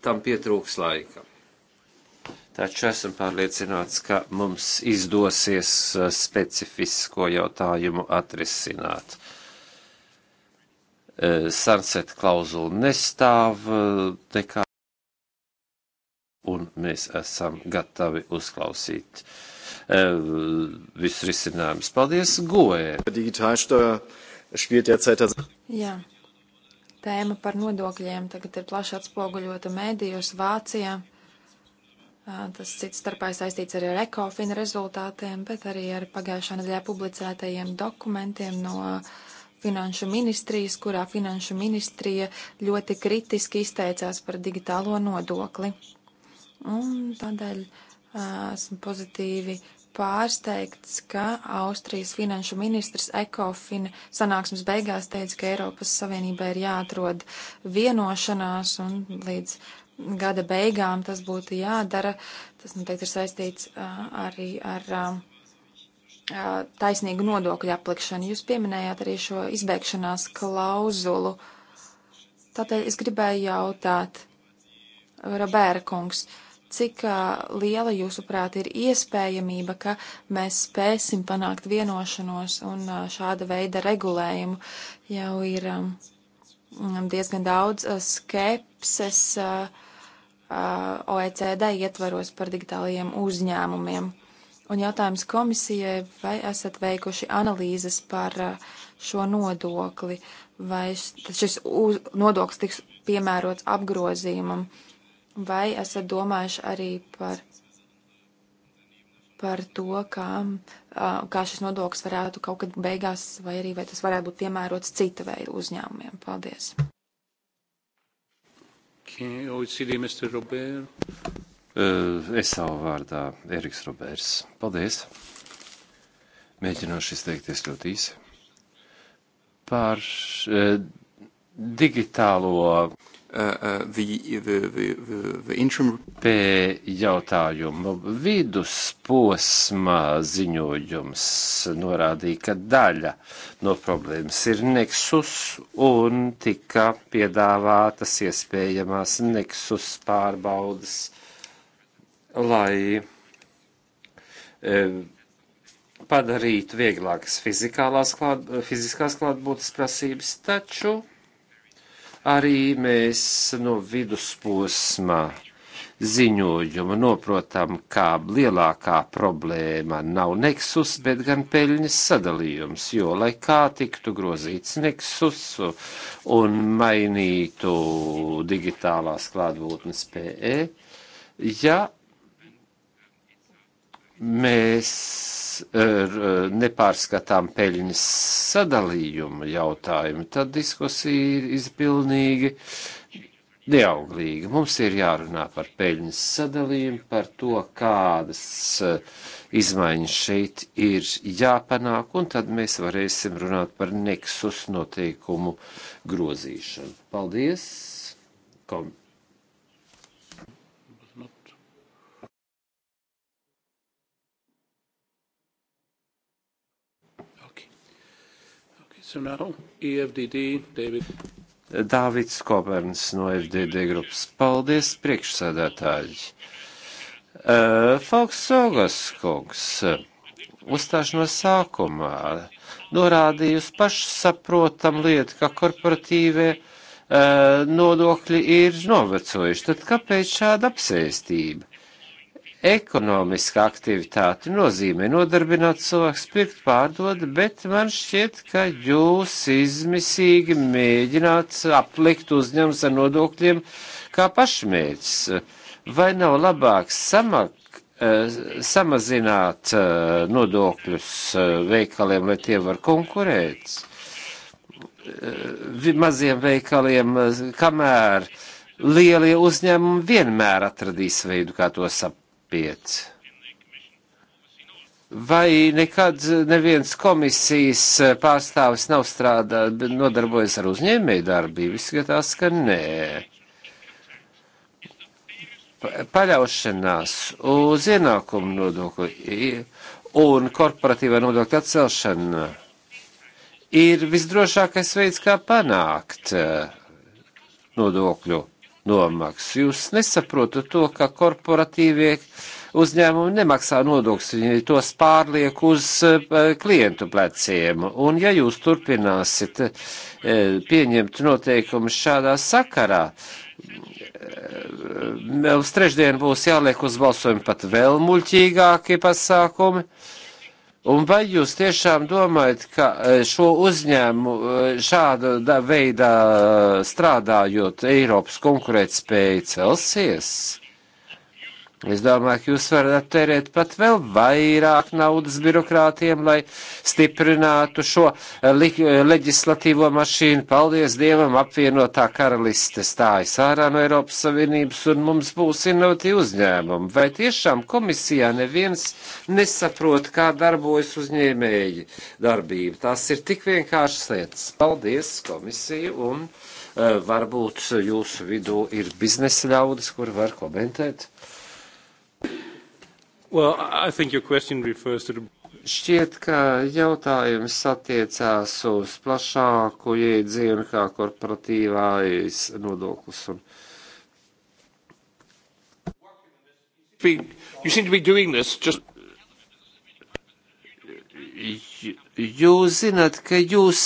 tam pietrūks laika. Taču esmu pārliecināts, ka mums izdosies eh, specifisko jautājumu atrisināt. Sunset klauzula nestāv nekā, un mēs esam gatavi uzklausīt uh, Eh, viss risinājums. Paldies, Goē! Jā. Tēma par nodokļiem tagad ir plaši atspoguļota mēdījos Vācijā. Eh, tas cits starpā saistīts arī ar ekofina rezultātiem, bet arī ar pagājušā nedēļā publicētajiem dokumentiem no finanšu ministrijas, kurā finanšu ministrija ļoti kritiski izteicās par digitālo nodokli. Un tādēļ eh, esmu pozitīvi pārsteigts, ka Austrijas finanšu ministrs Ekofin sanāksmes beigās teica, ka Eiropas Savienībai ir jāatrod vienošanās un līdz gada beigām tas būtu jādara. Tas noteikti ir saistīts uh, arī ar uh, taisnīgu nodokļu aplikšanu. Jūs pieminējāt arī šo izbēgšanās klauzulu. Tātad es gribēju jautāt, Robēra kungs, uh, Cik liela, jūsuprāt, ir iespējamība, ka mēs spēsim panākt vienošanos un šāda veida regulējumu jau ir diezgan daudz skepses OECD ietvaros par digitālajiem uzņēmumiem. Un jautājums komisijai, vai esat veikuši analīzes par šo nodokli, vai šis uz, nodoklis tiks piemērots apgrozījumam, Vai esat domājuši arī par, par to, kā, kā šis nodoklis varētu kaut kad beigās, vai arī vai tas varētu būt piemērots cita veida uzņēmumiem? Paldies! E es savu vārdā Eriks Roberts. Paldies! Mēģināšu izteikties ļoti īsi. Par digitālo Uh, uh, the, the, the, the interim... Pie jautājumu vidusposmā ziņojums norādīja, ka daļa no problēmas ir neksus un tika piedāvātas iespējamās neksus pārbaudas, lai e, padarītu vieglākas fizikālās klāt, fiziskās klātbūtnes prasības, taču Arī mēs no vidusposma ziņojumu noprotam, kā lielākā problēma nav neksus, bet gan peļņas sadalījums, jo lai kā tiktu grozīts neksus un mainītu digitālās klātbūtnes PE, ja mēs Eh, nepārskatām peļņas sadalījumu jautājumu, tad diskusija ir pilnīgi neauglīga. Mums ir jārunā par peļņas sadalījumu, par to, kādas eh, izmaiņas šeit ir jāpanāk, un tad mēs varēsim runāt par neksus noteikumu grozīšanu. Paldies! Kom So now, EFDD, David. Dāvids Koperns no FDD grupas. Paldies, priekšsēdētāji. Uh, Folksogas kungs uzstāšanos sākumā norādīja uz pašsaprotam lietu, ka korporatīvie uh, nodokļi ir novecojuši. Tad kāpēc šāda apsēstība? Ekonomiska aktivitāte nozīmē nodarbināt cilvēku, pirkt, pārdot, bet man šķiet, ka jūs izmisīgi mēģināt aplikt uzņēmums ar nodokļiem kā pašmērķis. Vai nav labāk samak, eh, samazināt eh, nodokļus eh, veikaliem, lai tie var konkurēt? maziem veikaliem, kamēr lielie uzņēmumi vienmēr atradīs veidu, kā to sap, piec. Vai nekad neviens komisijas pārstāvis nav strādājis, nodarbojas ar uzņēmēju darbību? Izskatās, ka nē paļaušanās uz ienākumu nodokli un korporatīvā nodokļa atcelšana ir visdrošākais veids, kā panākt nodokļu nomaksas. Jūs nesaprotat to, ka korporatīvie uzņēmumi nemaksā nodokļus, viņi tos pārliek uz eh, klientu pleciem. Un ja jūs turpināsiet eh, pieņemt noteikumus šādā sakarā, mums eh, trešdien būs jāliek uz balsojumu pat vēl muļķīgākie pasākumi. Un vai jūs tiešām domājat, ka e, šo uzņēmu e, šāda veidā e, strādājot Eiropas konkurētspēja celsies? Es domāju, ka jūs varat tērēt pat vēl vairāk naudas birokrātiem, lai stiprinātu šo eh, leģislatīvo mašīnu. Paldies Dievam, apvienotā karaliste stājas ārā no Eiropas Savienības un mums būs inovatīvi uzņēmumi. Vai tiešām komisijā neviens nesaprot, kā darbojas uzņēmēji darbība? Tās ir tik vienkāršas lietas. Paldies komisiju un uh, varbūt jūsu vidū ir biznesa ļaudis, kur var komentēt. Well, I think your question refers to the Šķiet, ka jautājums attiecās uz plašāku jēdzienu kā korporatīvais nodoklis. Un... Just... Jūs zināt, ka jūs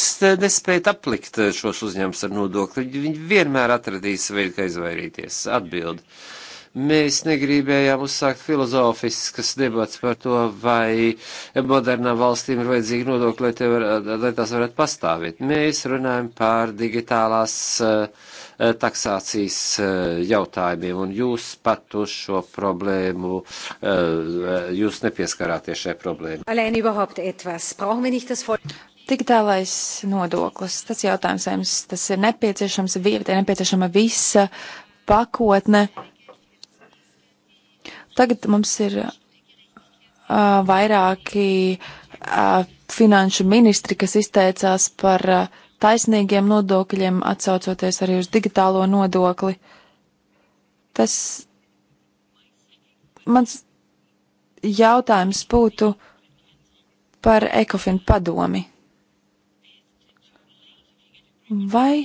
nespējat aplikt šos uzņēmumus ar nodokli. Viņi vienmēr atradīs veidu, kā izvairīties. Atbildi. Uh, Mēs negribējām uzsākt filozofiskas debats par to, vai modernām valstīm ir vajadzīgi nodokļi, lai, var, lai tās varētu pastāvēt. Mēs runājam par digitālās uh, taksācijas eh, jautājumiem, un jūs pat uz šo problēmu, eh, jūs nepieskarāties šai problēmai. Digitālais nodoklis, tas jautājums, jums tas ir nepieciešams, ir nepieciešama visa pakotne, Tagad mums ir uh, vairāki uh, finanšu ministri, kas izteicās par uh, taisnīgiem nodokļiem, atsaucoties arī uz digitālo nodokli. Tas mans jautājums būtu par ekofinu padomi. Vai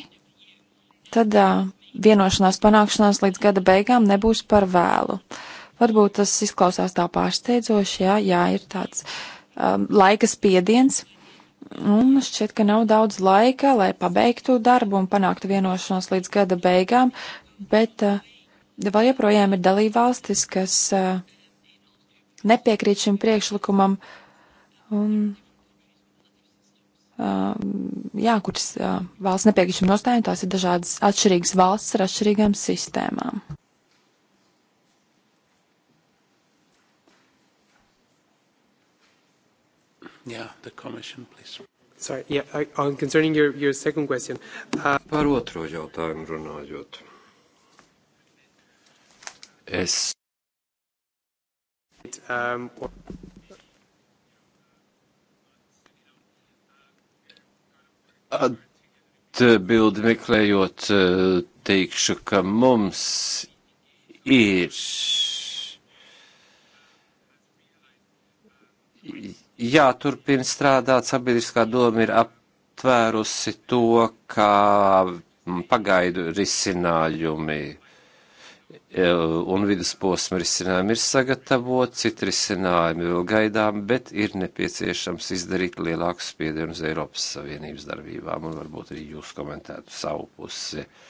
tad uh, vienošanās panākšanās līdz gada beigām nebūs par vēlu? Uh, Varbūt tas izklausās tā pārsteidzoši, jā, jā ir tāds um, laika spiediens. Un šķiet, ka nav daudz laika, lai pabeigtu darbu un panāktu vienošanos līdz gada beigām, bet uh, vēl joprojām ir dalībvalstis, kas uh, nepiekrīt šim priekšlikumam un, uh, jā, kuras uh, valsts nepiekrīt šim nostājumam, tās ir dažādas atšķirīgas valsts ar atšķirīgām sistēmām. Yeah, the commission, please. Sorry, yeah, I, on concerning your, your second question. Uh... Par otro jautājumu runājot. Es. Um, or... Atbildi meklējot, uh, teikšu, ka mums ir jāturpina strādāt. Sabiedriskā doma ir aptvērusi to, kā pagaidu risinājumi e, un vidusposma risinājumi ir sagatavoti, citi risinājumi vēl gaidām, bet ir nepieciešams izdarīt lielāku spiedienu uz Eiropas Savienības darbībām, un varbūt arī jūs komentētu savu pusi. Uh,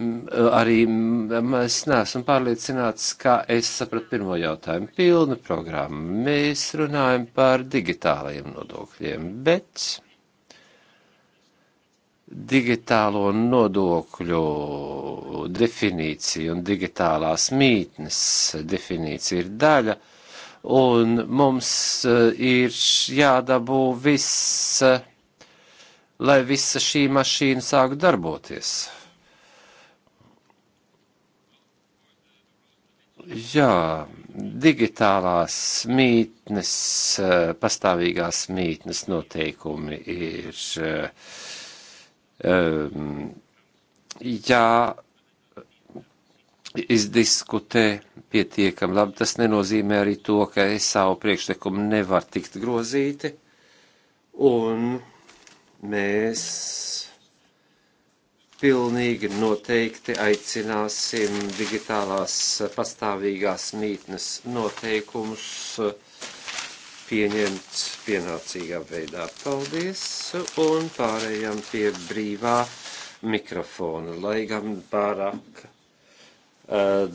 Mm, arī mm, es neesmu pārliecināts, kā es sapratu pirmo jautājumu. Pilna programma. Mēs runājam par digitālajiem nodokļiem, bet digitālo nodokļu definīcija un digitālās mītnes definīcija ir daļa, un mums eh, ir jādabū viss, eh, lai visa šī mašīna sāk darboties. Jā, digitālās mītnes, eh, pastāvīgās mītnes noteikumi ir um, jā, izdiskutē pietiekami labi. Tas nenozīmē arī to, ka es savu priekšlikumu nevar tikt grozīti, un mēs pilnīgi noteikti aicināsim digitālās pastāvīgās mītnes noteikumus pieņemt pienācīgā veidā. Paldies! Un pārējām pie brīvā mikrofona, lai gan pārāk uh,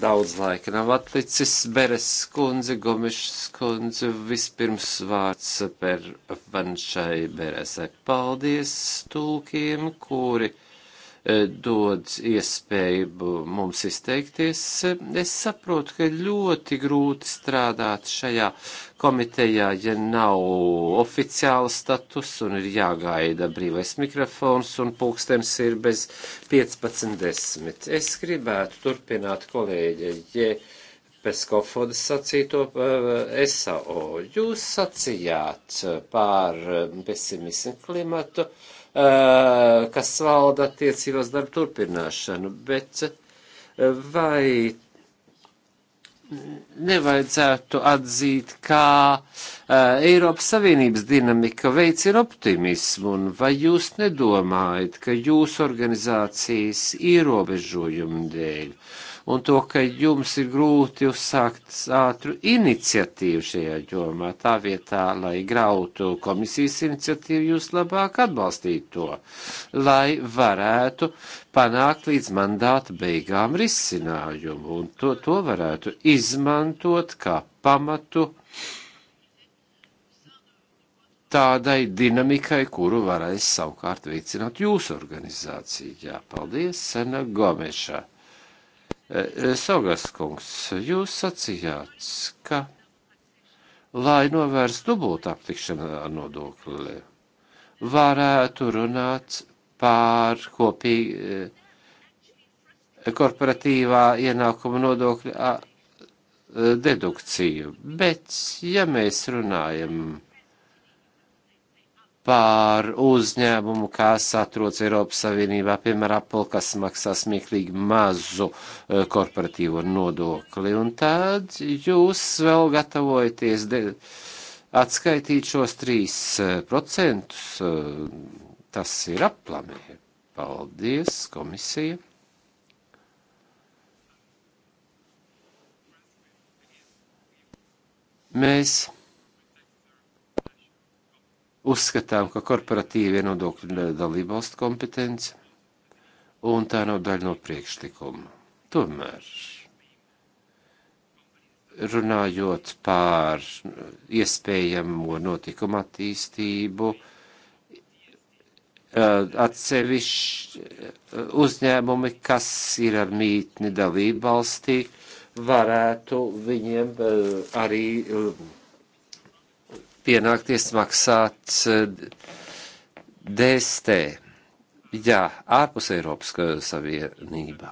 daudz laika nav atlicis. Beres skundze, Gomešs skundze, vispirms vārds per vanšai Beresai. Paldies tulkiem, kuri Eh, dod iespēju mums izteikties. Es saprotu, ka ļoti grūti strādāt šajā komitejā, ja nav oficiāla status un ir jāgaida brīvais mikrofons un pulkstens ir bez 15.10. Es gribētu turpināt kolēģi, ja Peskofodas sacīto eh, SAO. Jūs sacījāt eh, par pesimismu klimatu. Uh, Eh, kas valda attiecībās darba turpināšanu, bet eh, vai nevajadzētu atzīt, kā eh, Eiropas Savienības dinamika veicina optimismu, un vai jūs nedomājat, ka jūsu organizācijas ierobežojumu dēļ un to, ka jums ir grūti uzsākt ātru iniciatīvu šajā jomā. Tā vietā, lai grautu komisijas iniciatīvu, jūs labāk atbalstītu to, lai varētu panākt līdz mandāta beigām risinājumu, un to, to varētu izmantot kā pamatu tādai dinamikai, kuru varēs savukārt veicināt jūsu organizācijā. Paldies, Sena Gomeša! Eh, eh, Saugas kungs, jūs sacījāt, ka lai novērstu dubultu aptikšanu ar nodokli, varētu runāt pār kopīgi eh, korporatīvā ienākuma nodokļa dedukciju. Bet, ja mēs runājam pār uzņēmumu, kas atrodas Eiropas Savienībā, piemēram, Apple, kas maksā smieklīgi mazu e, korporatīvo nodokli. Un tad jūs vēl gatavojaties atskaitīt šos 3%. E, e, tas ir aplamē. Paldies, komisija. Mēs. Mēs Uzskatām, ka korporatīvie nodokļi dalība valstu kompetence, un tā nav daļa no priekšlikuma. Tomēr, runājot pār iespējamo notikumu attīstību, eh, atsevišķi eh, uzņēmumi, kas ir ar mītni dalību valstī, varētu viņiem eh, arī pienākties maksāt eh, DST. Jā, ārpus Eiropas Savienībā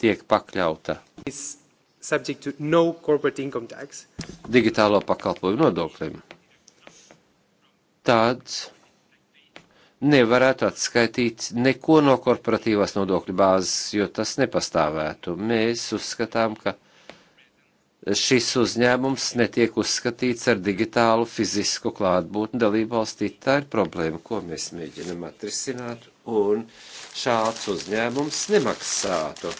tiek pakļauta no digitālo pakalpojumu nodoklim. Tāds nevarētu atskaitīt neko no korporatīvās nodokļu bāzes, jo tas nepastāvētu. Mēs uzskatām, ka šis uzņēmums netiek uzskatīts ar digitālu fizisku klātbūtni dalībvalstī. Tā ir problēma, ko mēs mēģinam atrisināt, un šāds uzņēmums nemaksātu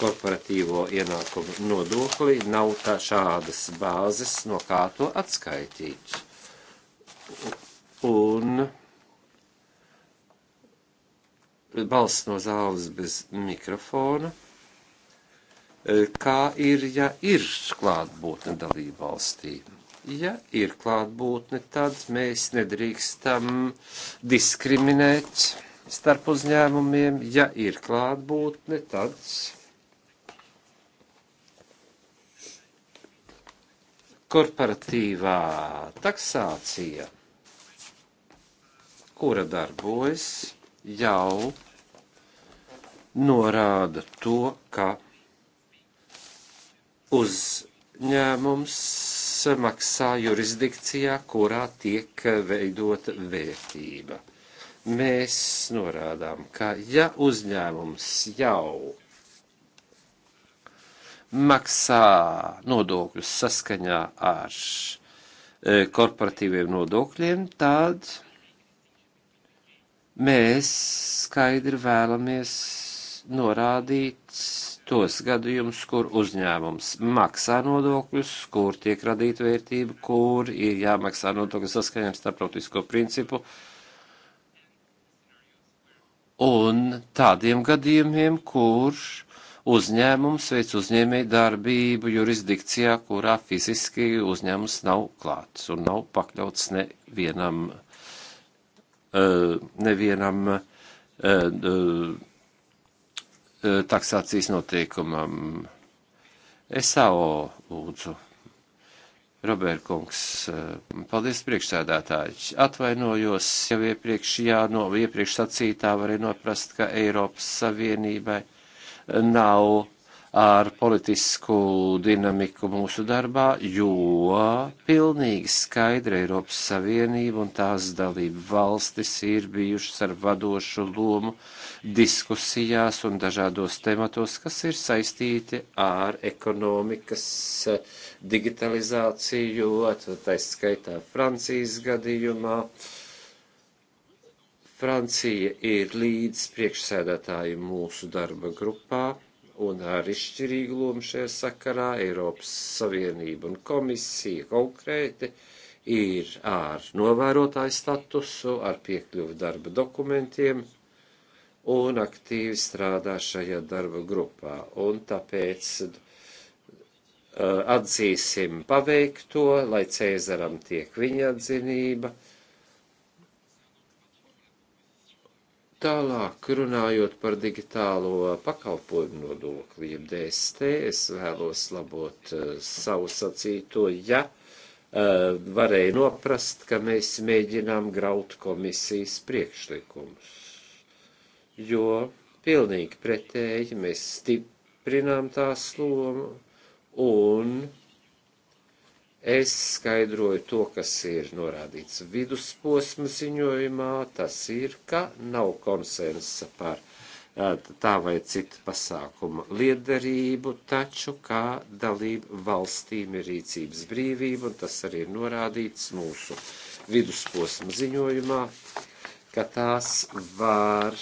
korporatīvo ienākumu nodokli, nav tā šādas bāzes, no kā to atskaitīt. Un balsts no zāles bez mikrofona. Eh, kā ir, ja ir klātbūtne dalība valstī. Ja ir klātbūtne, tad mēs nedrīkstam diskriminēt starp uzņēmumiem. Ja ir klātbūtne, tad. korporatīvā taksācija, kura darbojas, jau norāda to, ka uzņēmums maksā jurisdikcijā, kurā tiek veidota vērtība. Mēs norādām, ka ja uzņēmums jau maksā nodokļus saskaņā ar e, korporatīviem nodokļiem, tad mēs skaidri vēlamies norādīt tos gadījumus, kur uzņēmums maksā nodokļus, kur tiek radīta vērtība, kur ir jāmaksā nodokļu saskaņā ar starptautisko principu. Un tādiem gadījumiem, kur uzņēmums veic uzņēmēju darbību jurisdikcijā, kurā fiziski uzņēmums nav klāts un nav pakļauts nevienam, uh, nevienam uh, uh, E, taksācijas noteikumam. SAO lūdzu. Roberkungs, e, paldies priekšsēdētāji. Atvainojos jau iepriekš, jā, no iepriekš sacītā varēja noprast, ka Eiropas Savienībai nav ar politisku dinamiku mūsu darbā, jo pilnīgi skaidra Eiropas Savienība un tās dalība valstis ir bijušas ar vadošu lomu diskusijās un dažādos tematos, kas ir saistīti ar ekonomikas eh, digitalizāciju, taisa skaitā Francijas gadījumā. Francija ir līdz priekšsēdētāji mūsu darba grupā un ar izšķirīgu lomu šajā sakarā Eiropas Savienība un komisija konkrēti ir ar novērotāju statusu, ar piekļuvu darba dokumentiem un aktīvi strādā šajā darba grupā. Un tāpēc uh, atzīsim paveikto, lai Cēzaram tiek viņa atzinība. Tālāk, runājot par digitālo pakalpojumu nodokli, jeb DST, es vēlos labot uh, savu sacīto, ja uh, varēja noprast, ka mēs mēģinām graut komisijas priekšlikumus jo pilnīgi pretēji mēs stiprinām tās lomu un Es skaidroju to, kas ir norādīts vidusposma ziņojumā, tas ir, ka nav konsensa par tā vai citu pasākumu liederību, taču kā dalību valstīm ir rīcības brīvība, un tas arī ir norādīts mūsu vidusposma ziņojumā, ka tās var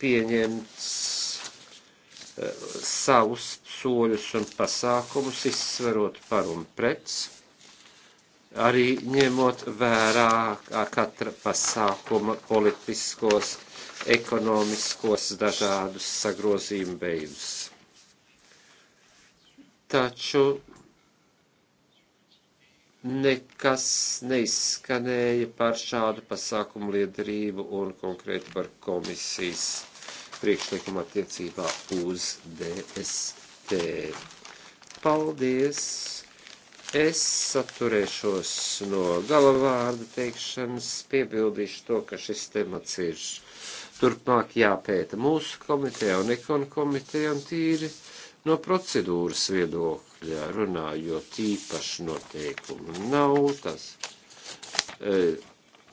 pieņemt eh, savus soļus un pasākumus, izsverot par un pret, arī ņemot vērā katra pasākuma politiskos, ekonomiskos dažādus sagrozījumu veidus. Taču nekas neizskanēja par šādu pasākumu liederību un konkrēti par komisijas priekšlikumu attiecībā uz DST. Paldies! Es atturēšos no galavārda teikšanas, piebildīšu to, ka šis temats ir turpmāk jāpēta mūsu komitejā un ekonu komitejā un tīri no procedūras viedokļa apstākļā runājot īpaši noteikumu nav. Tas, e,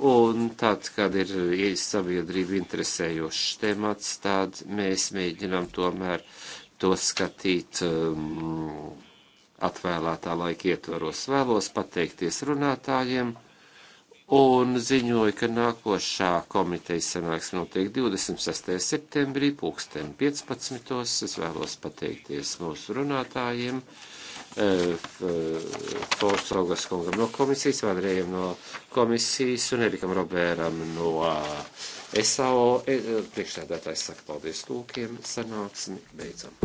Un tad, kad ir ja sabiedrība interesējošs temats, tad mēs mēģinām tomēr to skatīt um, atvēlētā laika ietvaros. Vēlos pateikties runātājiem un ziņoju, ka nākošā komitejas sanāks notiek 26. septembrī, pulksten 15. Es vēlos pateikties mūsu runātājiem. Eh, Forsaugas kungam no komisijas, Vandrējam no komisijas un Erikam Robēram no SAO. Eh, priekšsēdētājs saka paldies tūkiem, sanāksmi, beidzam.